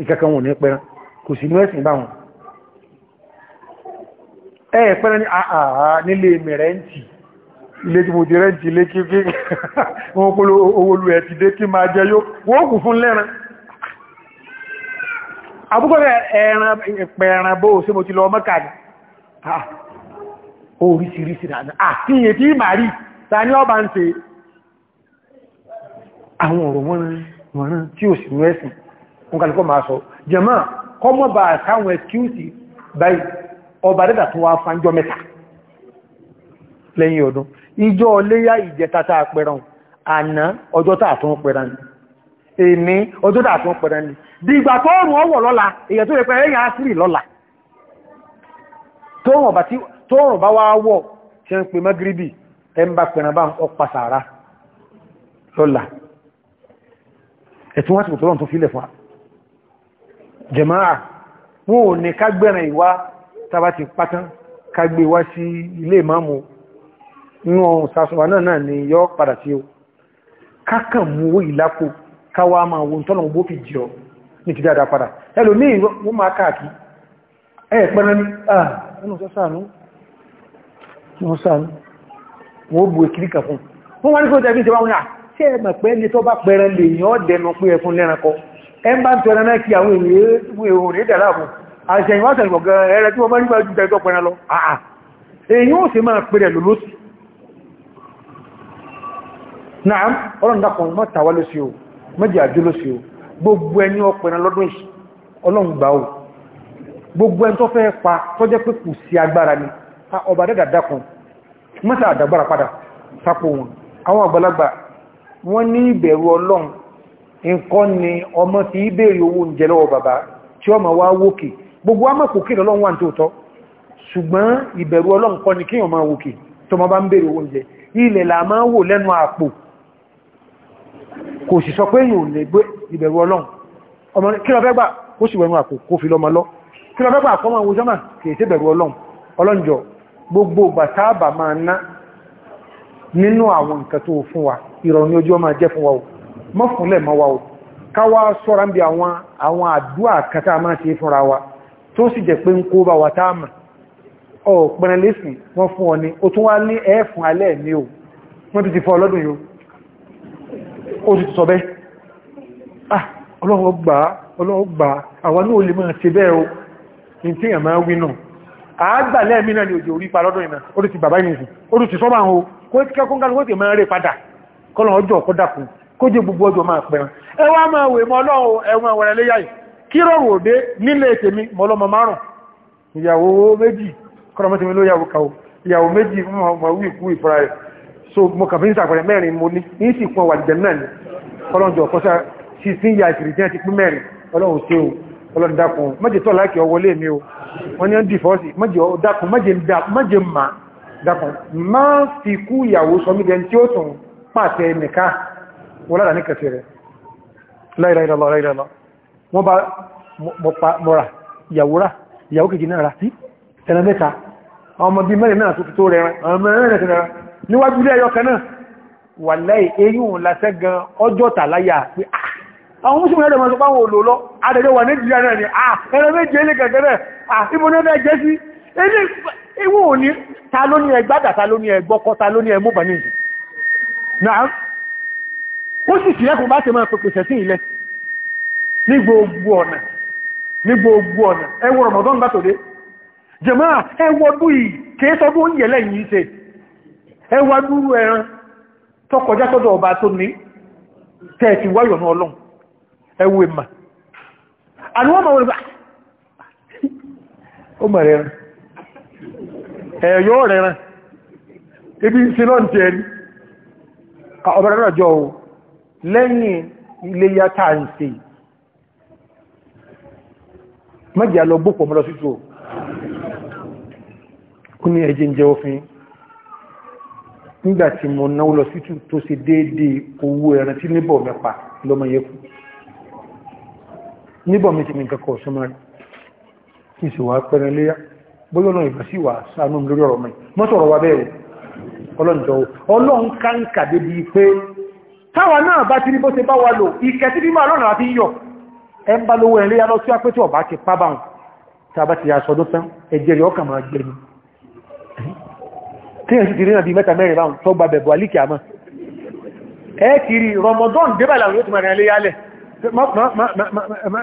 ìkẹ́kẹ́ wọn ní pẹran kò sí ní ẹ̀sìn báwọn ẹ̀ pẹran ní àà nílé mẹ̀rẹ́ntì ilé tí mo ti rẹ́ntì ilé kí [laughs] owó lu ẹ̀ ti dé kí máa jẹ yó wọ́n kù fún lẹ́ran àbúkọ́rẹ̀ ẹran pẹ̀ẹ̀ràn bó ṣe mo ti lọ mọ́kà ní oríṣiríṣi rànà àti iye tí màrí ta ní ọba ń ṣe àwọn ọ̀rọ̀ wọ́nrán tí ò sí ní ẹ̀sìn ń kàlùkọ́ máa sọ jẹ́mọ́ kọmọ́ bá sáwọn ẹ̀kíùsì báyìí ọba dẹ́dà tó wá fánjọ́ mẹ́ta lẹ́yìn ọdún ìjọ ọléyà ìjẹta èní ọjọ́ dà tó pẹ̀rẹ̀ ní dìgbà tó rùn ọwọ̀ lọ́la èyàn tó rẹ̀ pẹ̀rẹ̀ èyàn àṣírí lọ́la tó rùn bá wá wọ̀ ṣe ń pè mọ́gíríbì ẹmbà pẹ̀rẹ̀ bá ọpa sàárá lọ́la ẹ̀tún wọ́n ti pòtọ́lọ́n tó fílẹ̀ fún wa jẹ̀máà wọn ò ní kágbẹ̀rẹ̀ ìwá tàbá ti pátán kágbé wá sí káwà máa wo tọ́nà ogbó fi jọ ní ti dáadáa padà ẹlòmíì wọ́n máa káàkì ẹ̀yẹ̀ pẹ́rẹ́ ní ààrùn sọ́sàánú wọ́n sàánú wọ́n bú èkìrí kan fún wọ́n wá ní o tẹ́bí ìjọba wọn ṣe ẹ̀mọ̀ pé ní tọ́ bá pẹ́rẹ́ lè yàn ọ́ dẹnu pé ẹkùn lẹ́rankọ ẹ ń bá ń tọ́ra náà kí àwọn èèyàn rẹ̀ dà láàbù àṣẹyìn wáṣẹ̀ ìgbọ̀gán ẹ̀rẹ́ tí wọ́n bá nígbà jù tẹ́tọ́ pẹ́rẹ́ lọ èèyàn ó sì máa pẹ́rẹ́ lòlóṣì náà ọlọ́ndàkùn mọ́ta wá lóṣì o mẹ́jẹ̀ àjúlò sí o gbogbo ẹni ọpẹran lọ́dún ìṣì ọlọ́run gbà ó gbogbo ẹni tó fẹ́ pa tó jẹ́ pé kù sí agbára ni ọba dẹ́dà dákun àdàgbára padà sápò wọn àwọn àgbàlagbà wọ́n ní ìbẹ̀rù ọlọ́run nǹkan ni ọmọ ti ìbéèrè owó oúnjẹ lọ́wọ́ bàbá tí ọmọ wókè gbogbo wà ní tòótọ́ ṣùgbọ́n ìbẹ̀rù ọlọ́run kọ́ ni kò sì sọ pé yìí ò lè gbé ìbẹ̀rù ọlọ́run ọmọ kí lọ fẹ́ gbà kó sì wẹ̀nu àpò kó fi lọ́mọ lọ kí lọ fẹ́ gbà kọ́ máa wo sọ́mà kìí sí ìbẹ̀rù ọlọ́run ọlọ́njọ́ gbogbo bàtàbà máa ná nínú àwọn nǹkan tó fún wa ìrọ̀rùn ojú ọmọ jẹ́ fún wa o mọ́ fúnlẹ̀ mọ́ wa o káwá sọ́ra bí àwọn àwọn àdúrà kata máa ṣe fúnra wa tó sì jẹ́ pé ń kó bá wa táàmà ọ̀ pẹ̀rẹ̀ lẹ́sìn wọ́n fún ọ ni ó tún wá ní ẹ̀ẹ́fún alẹ́ ní o wọ́n ti ti fọ́ ọlọ́dún yóò ó sì sọ bẹ́ ah, ọlọ́run gbà ọlọ́run gbà àwọn náà lè máa ṣe bẹ́ẹ̀ o ní tí èèyàn máa wí náà àágbà lẹ́ẹ̀mí náà ni òjò orí pa lọ́dún ìmọ̀ ó ti bàbá ìrìnsì ó ti sọ́mà o kó tí kẹ́kún kálukú ti máa rè padà kọ́lọ̀ ọjọ́ kọ́ dàkù kó jẹ gbogbo ọjọ́ máa pẹ̀rán ẹ wá máa wè mọ́ ọlọ́run ẹ̀wọ̀n àwẹ̀rẹ̀ léyà yìí kí rọrùn òde nílé tèmi mọ́lọ́mọ márùn ìyàwó méjì kọ́lọ́mọ́tẹ̀mí ló yàwó kàwó ìyàwó méjì fún ọmọ wíìkú ìfúra rẹ̀ so mo kàn fi ń sàpẹrẹ mẹ́rin mo ní ní sì pọn wà jẹ́ náà ni ọlọ́run jọ kọ́sá sí sí ìyá ìsìrìtẹ́ ti pín mẹ́rin ọlọ́run ṣe o ọlọ́run dákun mẹ́jẹ tọ́ láìkẹ́ ọwọlé mi o wọ́n ní ọ́ndì fọ́ọ̀sì mẹ́jẹ dákun mẹ́jẹ bá mọ́ra ìyàwó rà ìyàwó kejì náà rà sí tẹ̀lẹ́ mẹ́ta ọmọ bíi mẹ́rin náà tó fi tó rẹ̀ rẹ̀ ọmọ mẹ́rin náà tẹ̀lẹ́ níwájú ilé ẹyọ kan náà wà lẹ́yìn eyín òun lásẹ́ gan ọjọ́ tàláyà ah, pé àwọn oúnjẹ mẹ́rẹ̀ mọ́ sọpá wọn olóòlọ́ adẹ̀dẹ̀ wà ní ìdíyà náà ni ah, ẹ̀rọ méje ilé kẹ̀kẹ́rẹ̀ ìbò ah, ní ẹgbẹ́ jẹ́ sí ewu ò ní ta ló ní ẹgbádà ta ló ní ẹgbọ́kọ́ ta ló ní ẹmú bàníjì náà ó sì sí ẹkùn bá ẹwà dúró ẹran tó kọjá ọba tó ní tẹ́ẹ̀tì wáyọ̀ náà lọ́n ẹwù ìmà àníwọ́n mọ̀ wọ́n bá ah, ó mọ̀ rẹ̀ràn ẹ̀yọ́ rẹ̀ràn ibi ń se náà ọba lẹ́yìn ilé ń se mẹ́jì alọ́gbọ́pọ̀ ní ẹjẹ́ ń jẹ́ òfin nígbà tí mo náwó lọ sí tó ṣe déédéé owó ẹran tí níbọ̀ mẹ́pa lọ́mọ yẹ kú níbọ̀ mi ti ní nǹkan kan ọ̀sán máa kí sì wá pẹ́rẹ́ léyà bóyá ọlọ́run ìgbà sí wà sánú lórí ọ̀rọ̀ mọ́ mọ́sọ̀rọ̀ wa bẹ́ẹ̀ ọlọ́njọ́ ọlọ́run káńkà débi pé táwa náà bá ti rí bó ṣe bá wa lò ìkẹ́ tí bí máa lọ́nà àti yọ̀ ẹ ń bá lówó ẹ̀lẹ́yà lọ sí apẹ́tí ọ̀bá ti pábáhùn tàbá ti tí èsì ti rí náà bí mẹ́ta mẹ́rin báhùn tó gba bẹ̀bọ̀ alíkì àmọ́ ẹ kiri Ramadan débà làwọn yóò ti mẹ́rin léyà lẹ̀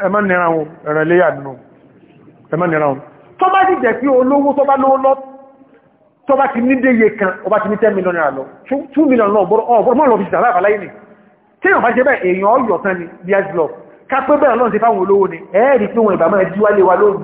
ẹmọ́ nira wọn ẹ̀rẹ̀ léyà nínú ẹmọ́ nira wọn tó bá ti jẹ́ sí olówó tó bá lówó lọ tó bá ti ní déye kan ó bá ti ní 10 million naira lọ 2 million náà bọ́rọ̀ ọ̀bọ̀rọ̀ mọ́ lọ fi sàrà àbáláyé ni tí èèyàn bá ṣe bẹ́ẹ̀ èèyàn ọ̀yọ̀ tán ni bí i lọ ká pé bẹ́ẹ̀ lọ́n ṣe fáwọn olówó ni ẹ̀ẹ́rì tí wọn ìbàmọ́ ẹ̀díwálé wa lóòrùn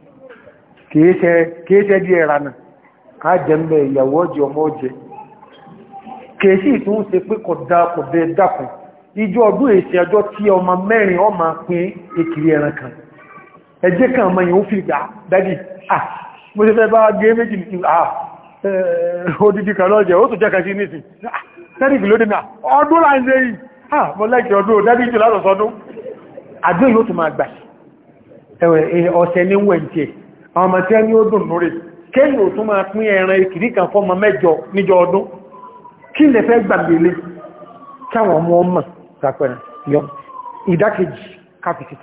kìí ịra bí ẹ̀rànà kájẹ̀mẹ́ ìyàwó ọjọ́ ọmọ ọjẹ́ kìí sí ìtún ṣe pé kọ̀dá kọ̀dẹ̀ dákùn ijú ọdún èsì ọjọ́ tí ọmọ mẹ́rin ọmọ pín èkìrí ẹran kan ẹjẹ́ kan ọmọ yìí ó fi gbà mo ṣe fẹ́ bá méjì ní ọdún ọdún ọmọ tí ẹni ó dùn lórí kéyìn ò tún máa pín ẹran ìkìrí kan fọ́mọ mẹ́jọ níjọ ọdún kí lè fẹ́ gbàgbélé káwọn ọmọ ọmọ sàpẹ̀rẹ̀ yọ ìdákejì káfíkì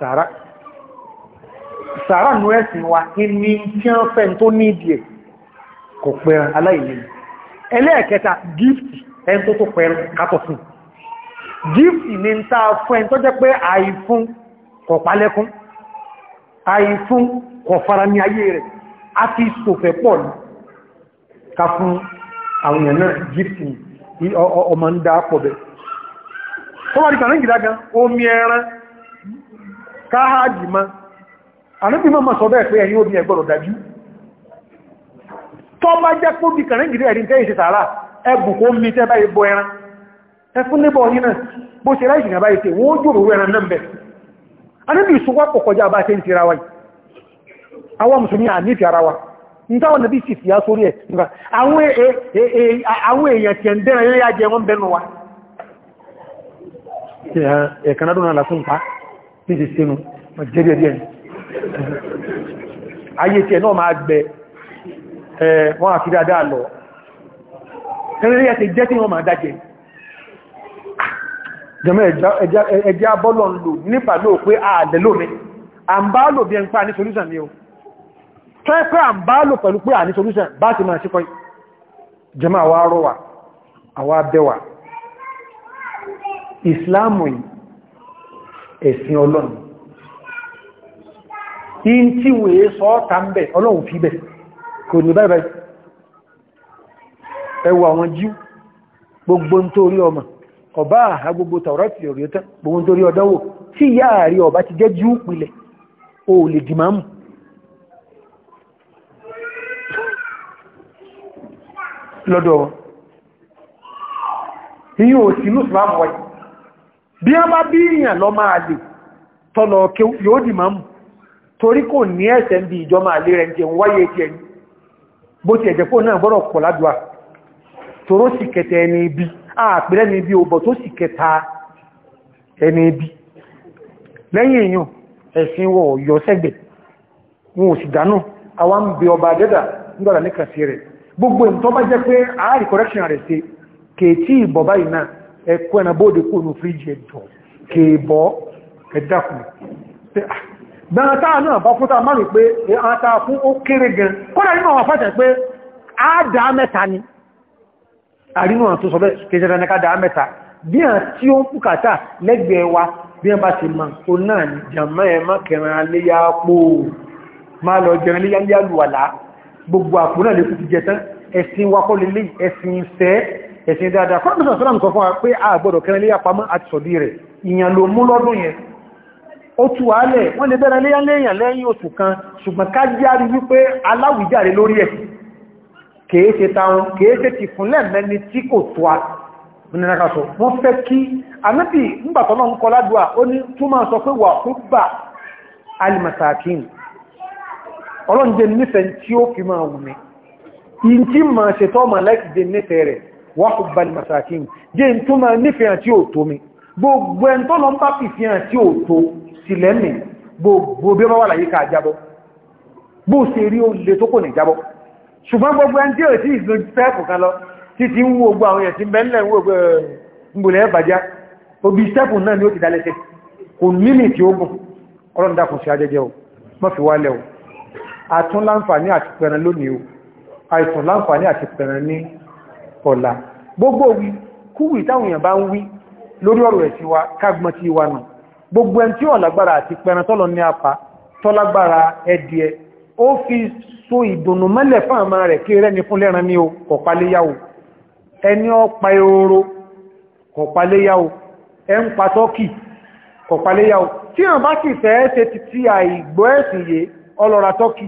nú ẹ̀sìn wa ní fẹ́ tó ní ìdí kò pẹ̀rẹ̀ aláìlẹ́yìn ẹlẹ́ẹ̀kẹta tó tó kátọ̀ fún ni ń a fún tó jẹ́ pé àìfún kọfara ní ayé rẹ̀ a ti sòfẹ́ pọ̀ ká fún àwọn èèyàn náà gífì ọmọ ń dá pọ̀ bẹ̀ tọ́wàdìkà ní gìdágan omi ẹran káàdì ma àníbí mọ́ sọ bẹ́ẹ̀ pé ẹ̀yìn omi ẹgbọ́rọ̀ dájú tọ́ bá jẹ́ pó bí kàrín gìdí ẹ̀rin tẹ́yìn sàárà ẹgbù kó mi tẹ́ báyìí bọ ẹran níbọ̀ yìí náà bó ṣe láìsìn àbáyìí tẹ́ wọ́n jòrò ẹran àwọn mùsùlùmí ànífì ara wa nítàwọn nàbí sì fìyà sórí ẹ̀ e, e, e, àwọn èèyàn tí ẹ̀n dẹ́rẹ̀ yẹ́ ajẹ́ wọn bẹnu wa ẹ̀kanadọ́nà lásún pa ní ti sínú jẹ́rẹ̀ díẹ̀ ayé tí ẹ̀ náà máa gbẹ wọ́n àfi dáadáa lọ ẹ̀rẹ́ ti jẹ́ tí wọ́n máa dájẹ́ jẹ́mọ́ tẹ́ẹ̀pẹ́ à pẹ̀lú pé à ní bá ti máa síkọ́ jẹma àwọ́ arọ́wà àwọ́ abẹ́wà ìsìláàmù ẹ̀sìn ọlọ́run in tí wèé sọ ọ́ta ń bẹ̀ ọlọ́run fi bẹ̀ kò ní báyìí ẹwà àwọn jíu gbogbo lọ́dọ̀ ihe sí ní wáyé bí a bá bí ìyàn lọ máa lè tọ́lọ yóò dì máa mù torí kò ní ẹ̀sẹ̀ ń bí ìjọ máa lè rẹ̀ ń wáyé ti ẹni bó ti ẹ̀jẹ̀ náà gbọ́rọ̀ pọ̀ ládùá toró sì kẹta ẹni sì ẹni gbogbo ìtọ́ bá jẹ́ pé ààrì correction rẹ̀ ṣe kèétí ìbọ̀ báyìí náà ẹ̀kọ́ ẹ̀nà bóòdé kò ní fríjì ẹ̀dùn kèébọ́ ẹ̀dàkùn ah, gbẹ̀rẹ̀ táà náà bá fúta márùn pé àtà fún ó kéré gan kọ́nà nínú àwọn afẹ́tẹ̀ pé a dá mẹ́ta ni àrínú àtò sọ bẹ́ kéjẹrẹ bí a ti ma o náà jàmọ́ ẹ̀mọ́ kẹrin aléyà pòó má lọ jẹrin léyà lúwàlá gbogbo àpò náà lè kú ti jẹ tán ẹ̀sìn wakọ́lélé ẹ̀sìn ìfẹ́ ẹ̀sìn dáadáa kọ́nàmùsàn sọ́nà sọ fún wa pé a gbọ́dọ̀ kẹrin léyà pamọ́ àti sọ̀dí rẹ̀ ìyàn ló mú lọ́dún yẹn ó tú àálẹ̀ wọ́n lè bẹ̀rẹ̀ léyà léyàn lẹ́yìn oṣù kan ṣùgbọ́n ká járí wípé aláwìjáre lórí ẹ̀ kèése táwọn kèése ti fúnlẹ̀ mẹ́ni tí kò tó a nínú wọ́n fẹ́ kí anábì ńgbàtọ́nà ń kọládùá ó ní túmọ̀ sọ pé wà fún gbà alimasakin ọlọ́run jẹ́ nífẹ̀ẹ́ tí ó fi máa wùmí in tí ma ṣe tọ́ ma láti jẹ nífẹ̀ẹ́ rẹ̀ wáhùbal masakin jẹ́ in tó ma nífẹ̀ẹ́ tí ó tó mi gbogbo ẹn tó lọ ń bá fìfihàn tí ó tó sí lẹ́mì gbogbo bí wọ́n wà láyé ká jábọ́ bó ṣe rí ó lè tó kò ní jábọ́ ṣùgbọ́n gbogbo ẹn tí ó sì ìlú gbogbo eh, obi stẹ́pù náà ni ó ti dálẹ́sẹ̀ kò nílì tí ó gùn ọlọ́run dákùn sí ajẹ́jẹ́ o mọ́ fi wálẹ̀ o àtún láǹfààní àti pẹran lónìí o àìsàn láǹfààní àti pẹran ní ọ̀la gbogbo wí kúwì táwọn èèyàn bá ń wí lórí ọ̀rọ̀ ẹ̀sìn wa kágbọ́n ti wa nù gbogbo ẹni tí ó lágbára àti pẹran tọ́lọ ní apá tọ́lágbára ẹdìẹ ó fi so ìdùnnú mẹ́lẹ̀ fún àmà rẹ̀ kí rẹ́ni fún lẹ́ran ní o ẹni ọpa ehoro kọ̀paléyàwó ẹ ń pa tọ́kì kọ̀paléyàwó tí wọ́n bá sì fẹ́ ṣe ti ti àìgbọ́ ẹ̀sìn yé ọlọ́ra tọ́kì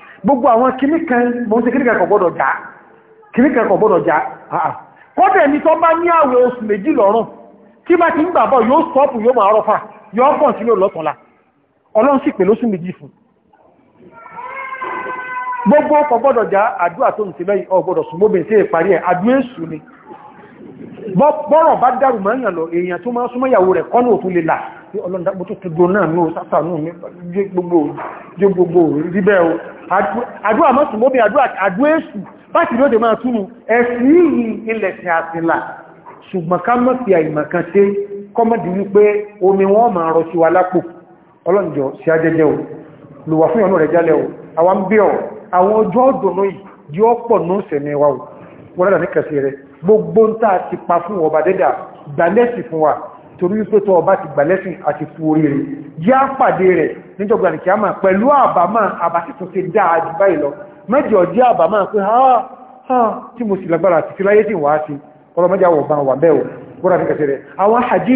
gbogbo àwọn kìníkan mọ́ sí kìníkan kò gbọ́dọ̀ já kìníkan kò gbọ́dọ̀ já kọ́dẹ̀ ní tó bá ní àwẹ̀ oṣù méjì lọ́rùn tí bá ti ń gbàbọ̀ yóò sọ́pù yóò máa rọ́fà yóò kàn sílò lọ́tọ̀lá ọlọ́run sì pè lóṣù méjì fún gbogbo kò gbọ́dọ̀ já àdúrà tó ń tẹ́lẹ̀ ọgbọ́dọ̀ sùn gbóbin sí ìparí ẹ̀ àdúrà èṣù ni bọ́rọ̀ bá dárù ní ó náà ní gbogbo rí bẹ́ẹ̀ àdúwà mọ́sùmọ́bí àdúwà èṣù bá ti lóde máa túnú ẹ̀sì yìí ilẹ̀ ti àtìlà ṣùgbọ́n ká mọ́ fi àìmọ̀kan tí kọ́mọ̀dì wípé omi wọ́n máa rọ sí wa lápò ọlọ́njọ́ sí ajẹ́jẹ́ o lùwà fún ọ̀nà rẹ̀ jálẹ̀ o àwọn bí ọ̀ àwọn ọjọ́ torí wípé tó ọba ti gbà lẹ́sìn àti fún orí rẹ̀ yá pàdé rẹ̀ níjọba ní kíámà pẹ̀lú àbámà àbátítún ti dáa jù báyìí lọ mẹ́jọ jẹ́ àbámà pé ha ha tí mo sì lágbára àti fi láyé tí wà á sí ọlọ́mọdé àwọ̀ bá wà bẹ́ẹ̀ wọ́n fi kẹsẹ̀ rẹ̀ àwọn hajj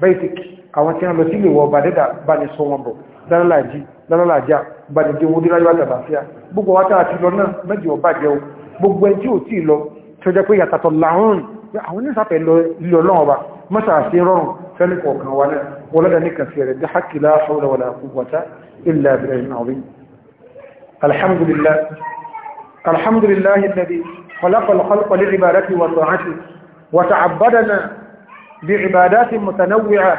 basic àwọn tí wọ́n lọ sí ìwọ̀ ọba dẹ́dà bá ní sọ wọn bọ̀ dánláàjì dánláàjà bá ní dé wọ́n gbogbo wa ò tí lọ tí ó jẹ́ pé yàtàtọ̀ làwọn àwọn oníṣàfẹ́ lọ ilé ọlọ́run ọba mọ́sà sí rọrùn fẹ́lẹ̀ kọ̀ọ̀kan wa náà wọlọ́dà ní kan fẹ́rẹ̀ bí haqqi la hawla wala quwwata illa billahi al-azim alhamdulillah alhamdulillah alladhi khalaqa al-khalqa li'ibadati wa ta'ati wa ta'abbadana bi'ibadatin mutanawwi'a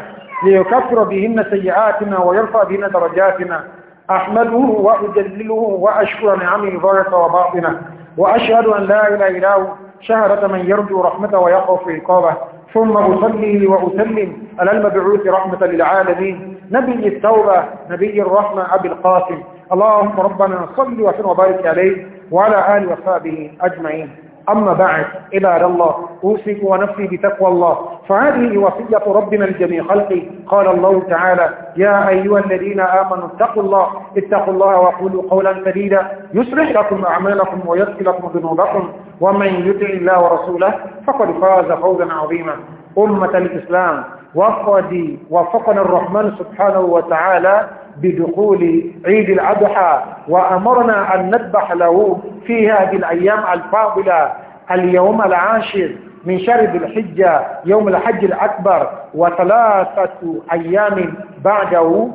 ليكفر بهن سيئاتنا ويرفع بهن درجاتنا أحمده وأجلله وأشكر نعمه ظاهرة وباطنة وأشهد أن لا إله إله شهرة من يرجو رحمته ويخاف عقابه ثم أصلي وأسلم على المبعوث رحمة للعالمين نبي التوبة نبي الرحمة أبي القاسم اللهم ربنا صل وسلم وبارك عليه وعلى آله وصحبه أجمعين أما بعد إلى الله أوصيك ونفسي بتقوى الله فهذه وصية ربنا لجميع خلقه قال الله تعالى يا أيها الذين آمنوا اتقوا الله اتقوا الله وقولوا قولا سديدا يصلح لكم أعمالكم ويغفر لكم ذنوبكم ومن يطع الله ورسوله فقد فاز فوزا عظيما أمة الإسلام وقد وفقنا الرحمن سبحانه وتعالى بدخول عيد الأضحى وأمرنا أن نذبح له في هذه الأيام الفاضلة اليوم العاشر من شهر ذي الحجة يوم الحج الأكبر وثلاثة أيام بعده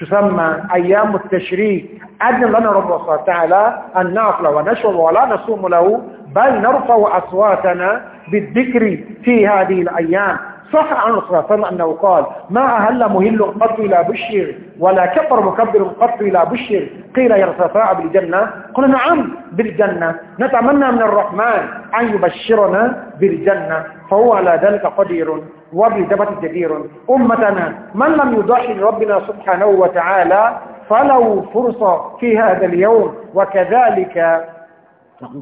تسمى أيام التشريك أذن لنا ربنا سبحانه وتعالى أن نعفل ونشرب ولا نصوم له بل نرفع أصواتنا بالذكر في هذه الأيام صح عن صلى الله عليه وسلم أنه قال ما أهل مهل قط لا بشر ولا كفر مكبر قط لا بشر قيل يا رسول الله بالجنة قل نعم بالجنة نتمنى من الرحمن أن يبشرنا بالجنة فهو على ذلك قدير وبالجبة جدير أمتنا من لم يضحي ربنا سبحانه وتعالى فلو فرصة في هذا اليوم وكذلك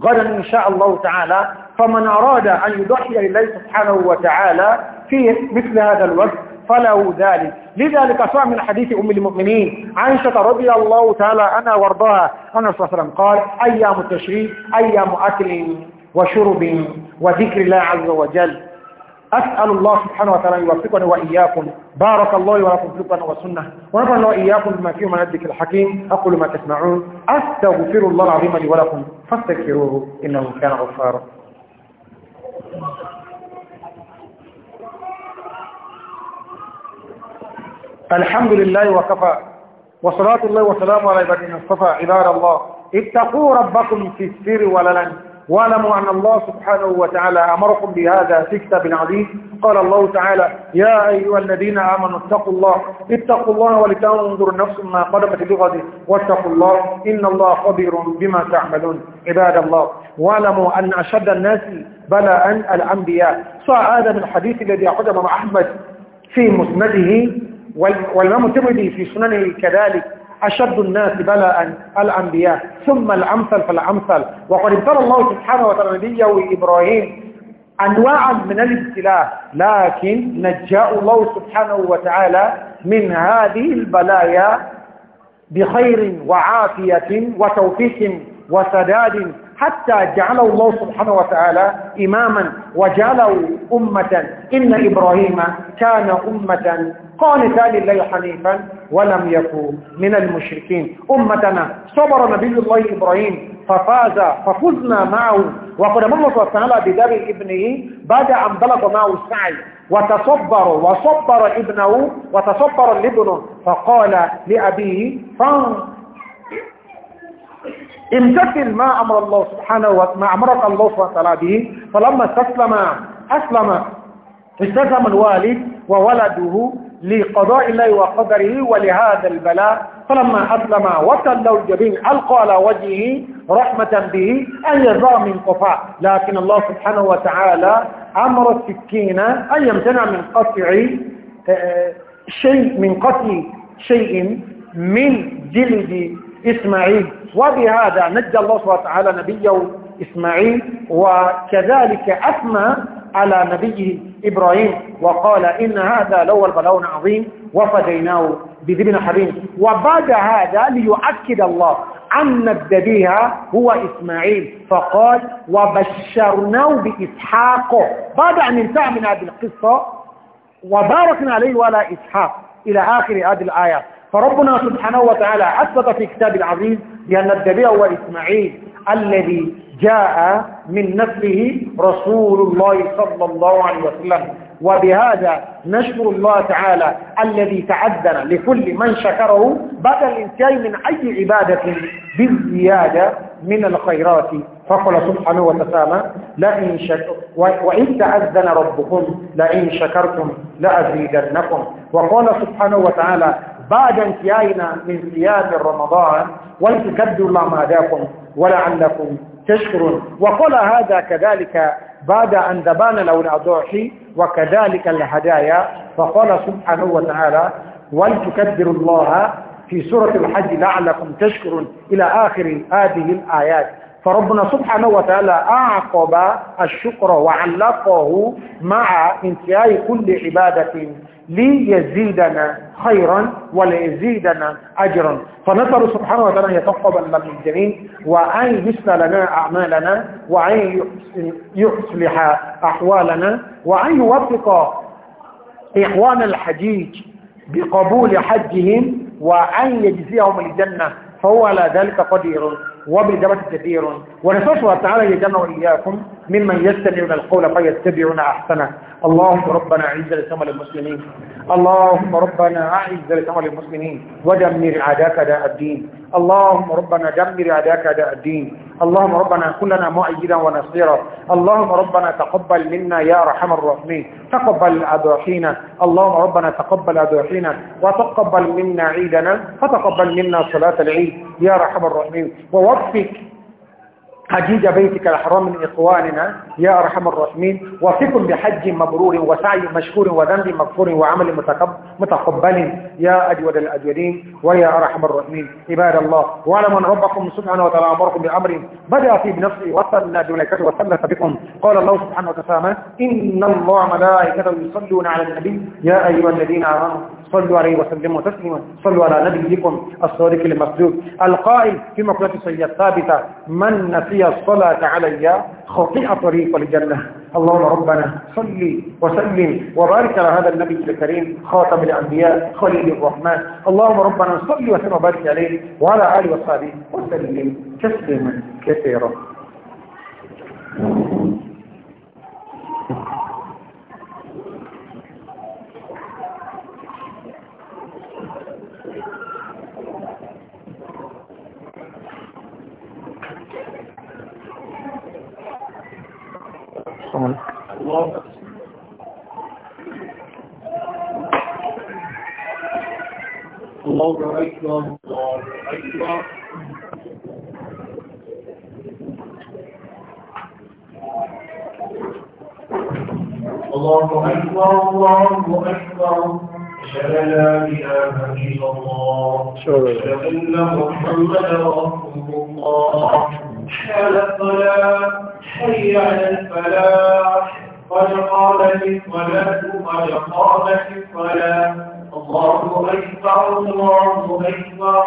غدا إن شاء الله تعالى فمن أراد أن يضحي لله سبحانه وتعالى في مثل هذا الوقت فله ذلك لذلك صار من حديث أم المؤمنين عائشة رضي الله تعالى أنا وارضاها أنا صلى الله عليه وسلم قال أيام التشريف أيام أكل وشرب وذكر الله عز وجل أسأل الله سبحانه وتعالى أن يوفقنا وإياكم بارك الله ولكم في القرآن والسنة ونفعنا وإياكم بما فيه من أدك الحكيم أقول ما تسمعون أستغفر الله العظيم لي ولكم فاستغفروه إنه كان غفارا الحمد لله وكفى وصلاة الله وسلامه على عباد المصطفى عباد الله اتقوا ربكم في السر وللن واعلموا أن الله سبحانه وتعالى أمركم بهذا في كتاب عظيم قال الله تعالى يا أيها الذين آمنوا اتقوا الله اتقوا الله ولتنظر نفس ما قدمت بغد واتقوا الله إن الله خبير بما تعملون عباد الله واعلموا أن أشد الناس بلاء الأنبياء صاع هذا من الحديث الذي قدم مع أحمد في مسنده والإمام الترمذي في سننه كذلك أشد الناس بلاء الأنبياء ثم الأمثل فالأمثل وقد ابتلى الله سبحانه وتعالى نبيه إبراهيم أنواعا من الابتلاء لكن نجاء الله سبحانه وتعالى من هذه البلايا بخير وعافية وتوفيق وسداد حتى جعله الله سبحانه وتعالى إماما وجعله أمة إن إبراهيم كان أمة قانتا لله حنيفا ولم يكن من المشركين أمتنا صبر نبي الله إبراهيم ففاز ففزنا معه وقد من الله تعالى بدار ابنه بعد أن بلغ معه السعي وتصبر وصبر ابنه وتصبر لابنه فقال لأبيه امتثل ما أمر الله سبحانه وما أمرك الله سبحانه وتعالى به فلما استسلم أسلم استسلم الوالد وولده لقضاء الله وقدره ولهذا البلاء فلما أسلم وتلوا الجبين ألقى على وجهه رحمة به أن يزار من قفاء لكن الله سبحانه وتعالى أمر السكين أن يمتنع من قطع آه، شيء من قطع شيء من جلد إسماعيل وبهذا نجى الله سبحانه وتعالى نبيه إسماعيل وكذلك أثنى على نبيه إبراهيم وقال إن هذا لو البلون عظيم وفديناه بذبن حبيب وبعد هذا ليؤكد الله أن الدبيها هو إسماعيل فقال وبشرناه بإسحاق بعد أن انتهى من هذه القصة وباركنا عليه ولا إسحاق إلى آخر هذه الآيات فربنا سبحانه وتعالى أثبت في كتاب العظيم بأن الدبيع هو إسماعيل الذي جاء من نسله رسول الله صلى الله عليه وسلم وبهذا نشكر الله تعالى الذي تعدنا لكل من شكره بعد الانتهاء من أي عبادة بالزيادة من الخيرات فقال سبحانه وتعالى لئن شكر وإن تأذن ربكم لئن شكرتم لأزيدنكم وقال سبحانه وتعالى بعد انتهائنا من صيام رمضان وانتكدوا الله ما داكم ولعلكم تشكرون وقال هذا كذلك بعد أن ذبان لون الضحي وكذلك الهدايا فقال سبحانه وتعالى ولتكبروا الله في سورة الحج لعلكم تشكرون إلى آخر هذه الآيات فربنا سبحانه وتعالى أعقب الشكر وعلقه مع انتهاء كل عبادة ليزيدنا خيرا وليزيدنا أجرا فنسأل سبحانه وتعالى أن يتقبل لنا وأن وأن لنا أعمالنا وأن يصلح أحوالنا وأن يوفق إخوان الحجيج بقبول حجهم وأن يجزيهم الجنة فهو على ذلك قدير وبالإجابة كثير ونسأل الله تعالى يجمع إياكم ممن يستمعون القول فيتبعون أحسنه اللهم ربنا أعز لسمى المسلمين اللهم ربنا أعز لسمى المسلمين ودمر عداك داء الدين اللهم ربنا دمر عداك داء الدين اللهم ربنا كلنا مؤيدا ونصيرا اللهم ربنا تقبل منا يا رحم الراحمين تقبل أدوحينا اللهم ربنا تقبل أدوحينا وتقبل منا عيدنا فتقبل منا صلاة العيد يا رحم الراحمين ووفق حجيج بيتك الحرام من إخواننا يا أرحم الراحمين وفق بحج مبرور وسعي مشكور وذنب مغفور وعمل متقبل يا أجود الأجودين ويا أرحم الراحمين عباد الله واعلموا أن ربكم سبحانه وتعالى أمركم بأمر بدأ في بنفسه وصلنا بملائكته وثلث بكم قال الله سبحانه وتعالى إن الله ملائكته يصلون على النبي يا أيها الذين آمنوا صلوا عليه وسلموا تسليما صلوا على نبيكم الصادق المسجود القائل في مقولة سيئة ثابتة من نسي الصلاة علي خطيئة طريق للجنة اللهم ربنا صل وسلم وبارك على هذا النبي الكريم خاتم الأنبياء خليل الرحمن اللهم ربنا صل وسلم وبارك عليه وعلى آله وصحبه وسلم تسليما كثيرا Thank you. السلام الله أكبر الله أكبر الله أكبر الله أكبر لا إله إلا الله أشهد أن محمدا رسول الله حال الصلاة حي على الفلاح قد قامت الصلاة قد قامت الصلاة الله أكبر الله أكبر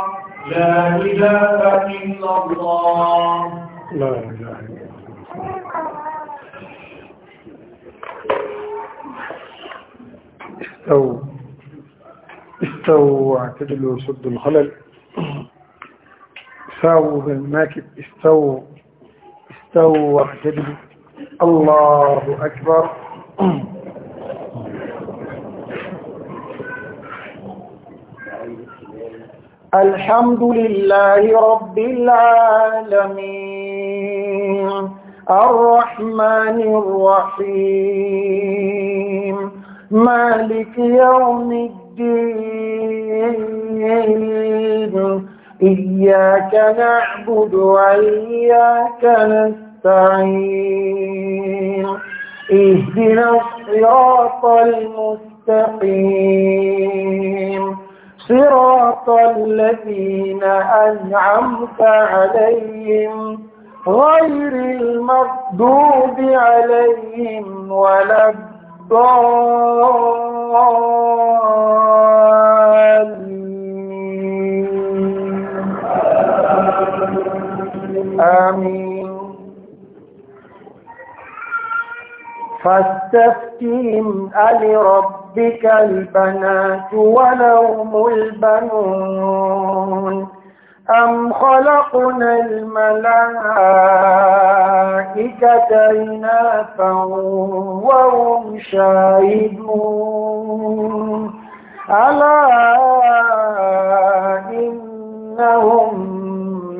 لا إله إلا الله لا إله إلا الله استووا استووا اعتدلوا سد الخلل استووا بالماكب استووا استووا واعتدلوا الله أكبر الحمد لله رب العالمين الرحمن الرحيم مالك يوم الدين إياك نعبد وإياك نستعين اهدنا الصراط المستقيم صراط الذين أنعمت عليهم غير المغضوب عليهم ولا الضالين آمين فاستفتهم ألربك البنات ولهم البنون أم خلقنا الملائكة إناثا وهم شاهدون ألا إنهم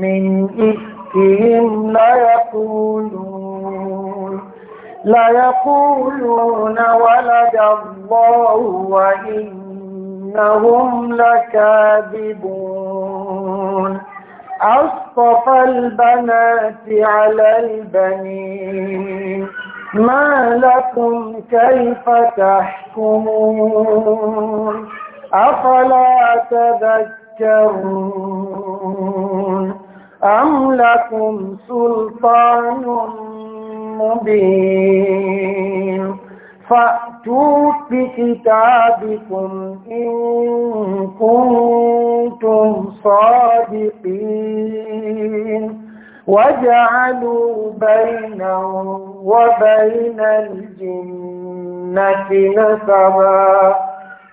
من إثم يقولون لَيَقُولُونَ لَيَقُولُونَ وَلَدَ اللَّهُ وَإِنَّهُمْ لَكَاذِبُونَ أَصْطَفَى الْبَنَاتِ عَلَى الْبَنِينَ ما لكم كيف تحكمون أفلا تذكرون أم لكم سلطان مبين فأتوا بكتابكم إن كنتم صادقين وجعلوا بينه وبين الجنة نسبا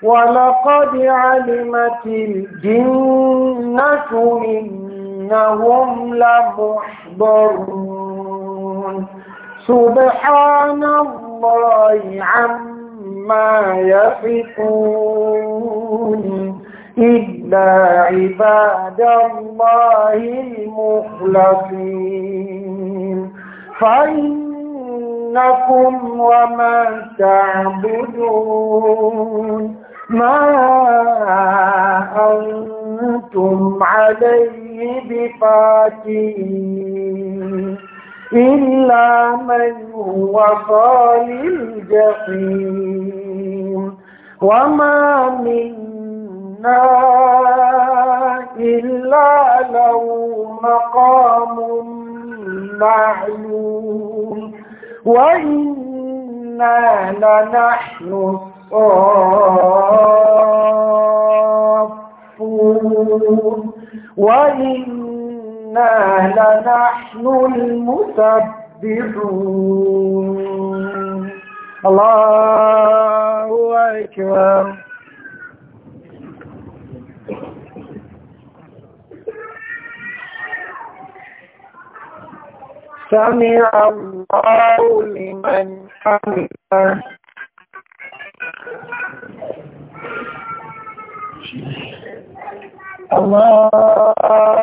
ولقد علمت الجنة من إنهم لمحضرون سبحان الله عما يصفون إلا عباد الله المخلصين فإنكم وما تعبدون ما أنتم عليه بفاتين إلا من هو صال الجحيم وما منا إلا له مقام معلوم وإنا لنحن صافون وإنا لنحن المسبحون الله أكبر سمع الله لمن حمده الله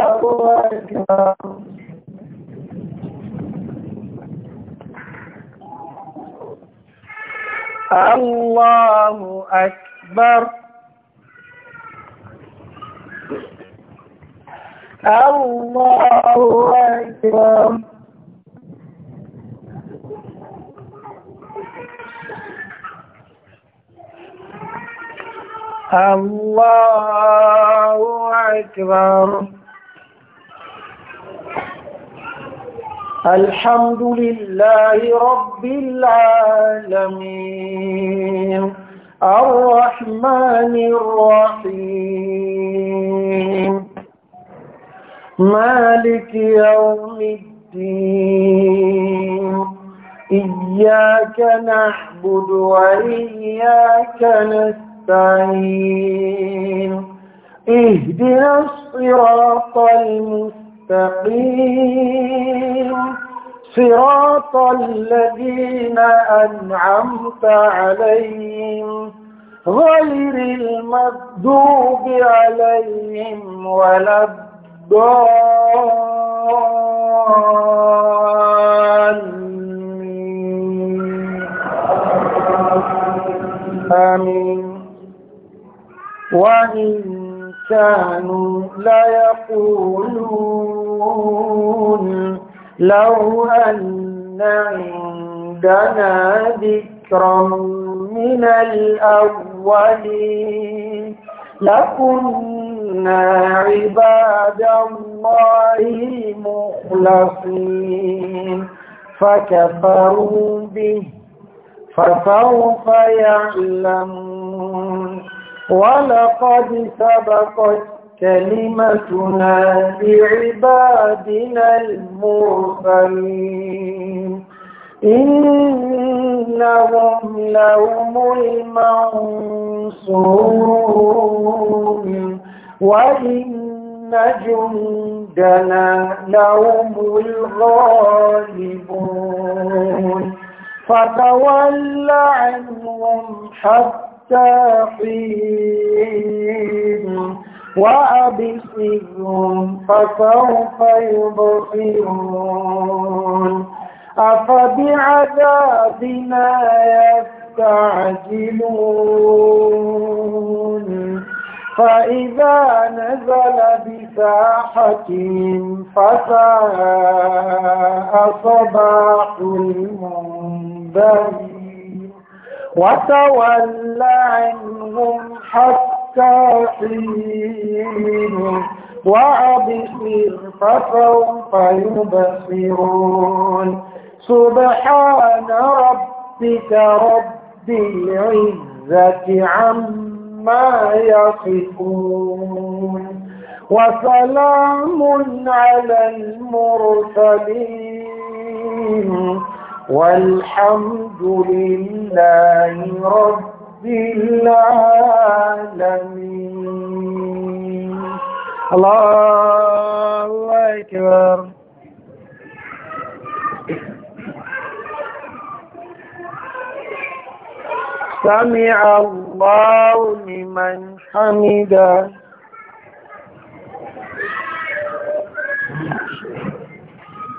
أكبر الله أكبر الله أكبر الله أكبر الحمد لله رب العالمين الرحمن الرحيم مالك يوم الدين إياك نعبد وإياك نستعين المستعين اهدنا الصراط المستقيم صراط الذين أنعمت عليهم غير المكذوب عليهم ولا الضالين آمين وإن كانوا ليقولون لو أن عندنا ذكرا من الأولين لكنا عباد الله مخلصين فكفروا به فسوف يعلمون ولقد سبقت كلمتنا لعبادنا المرسلين إنهم لهم المنصورون وإن جندنا لهم الغالبون فتول عنهم حتى حتى وأبصرهم فسوف يبصرون أفبعذابنا يستعجلون فإذا نزل بساحتهم فساء صباح المنذرين وتول عنهم حتى حين وأبصر فسوف يبصرون سبحان ربك رب العزة عما يصفون وسلام على المرسلين والحمد لله رب العالمين الله أكبر سمع الله لمن حمده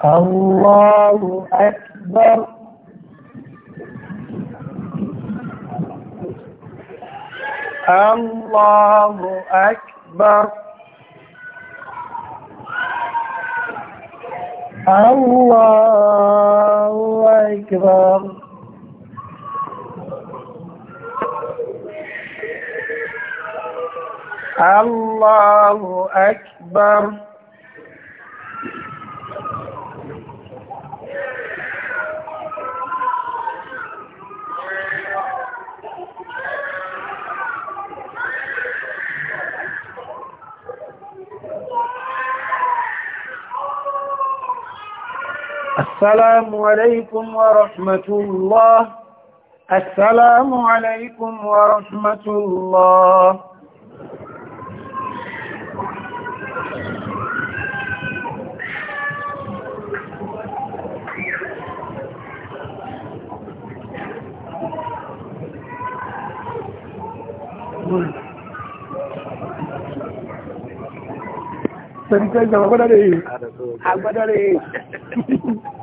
الله أكبر الله أكبر الله أكبر الله أكبر السلام عليكم ورحمة الله السلام عليكم ورحمة الله Tẹ̀lé tẹ́lẹ̀ àgbádá rẹ̀ yìí.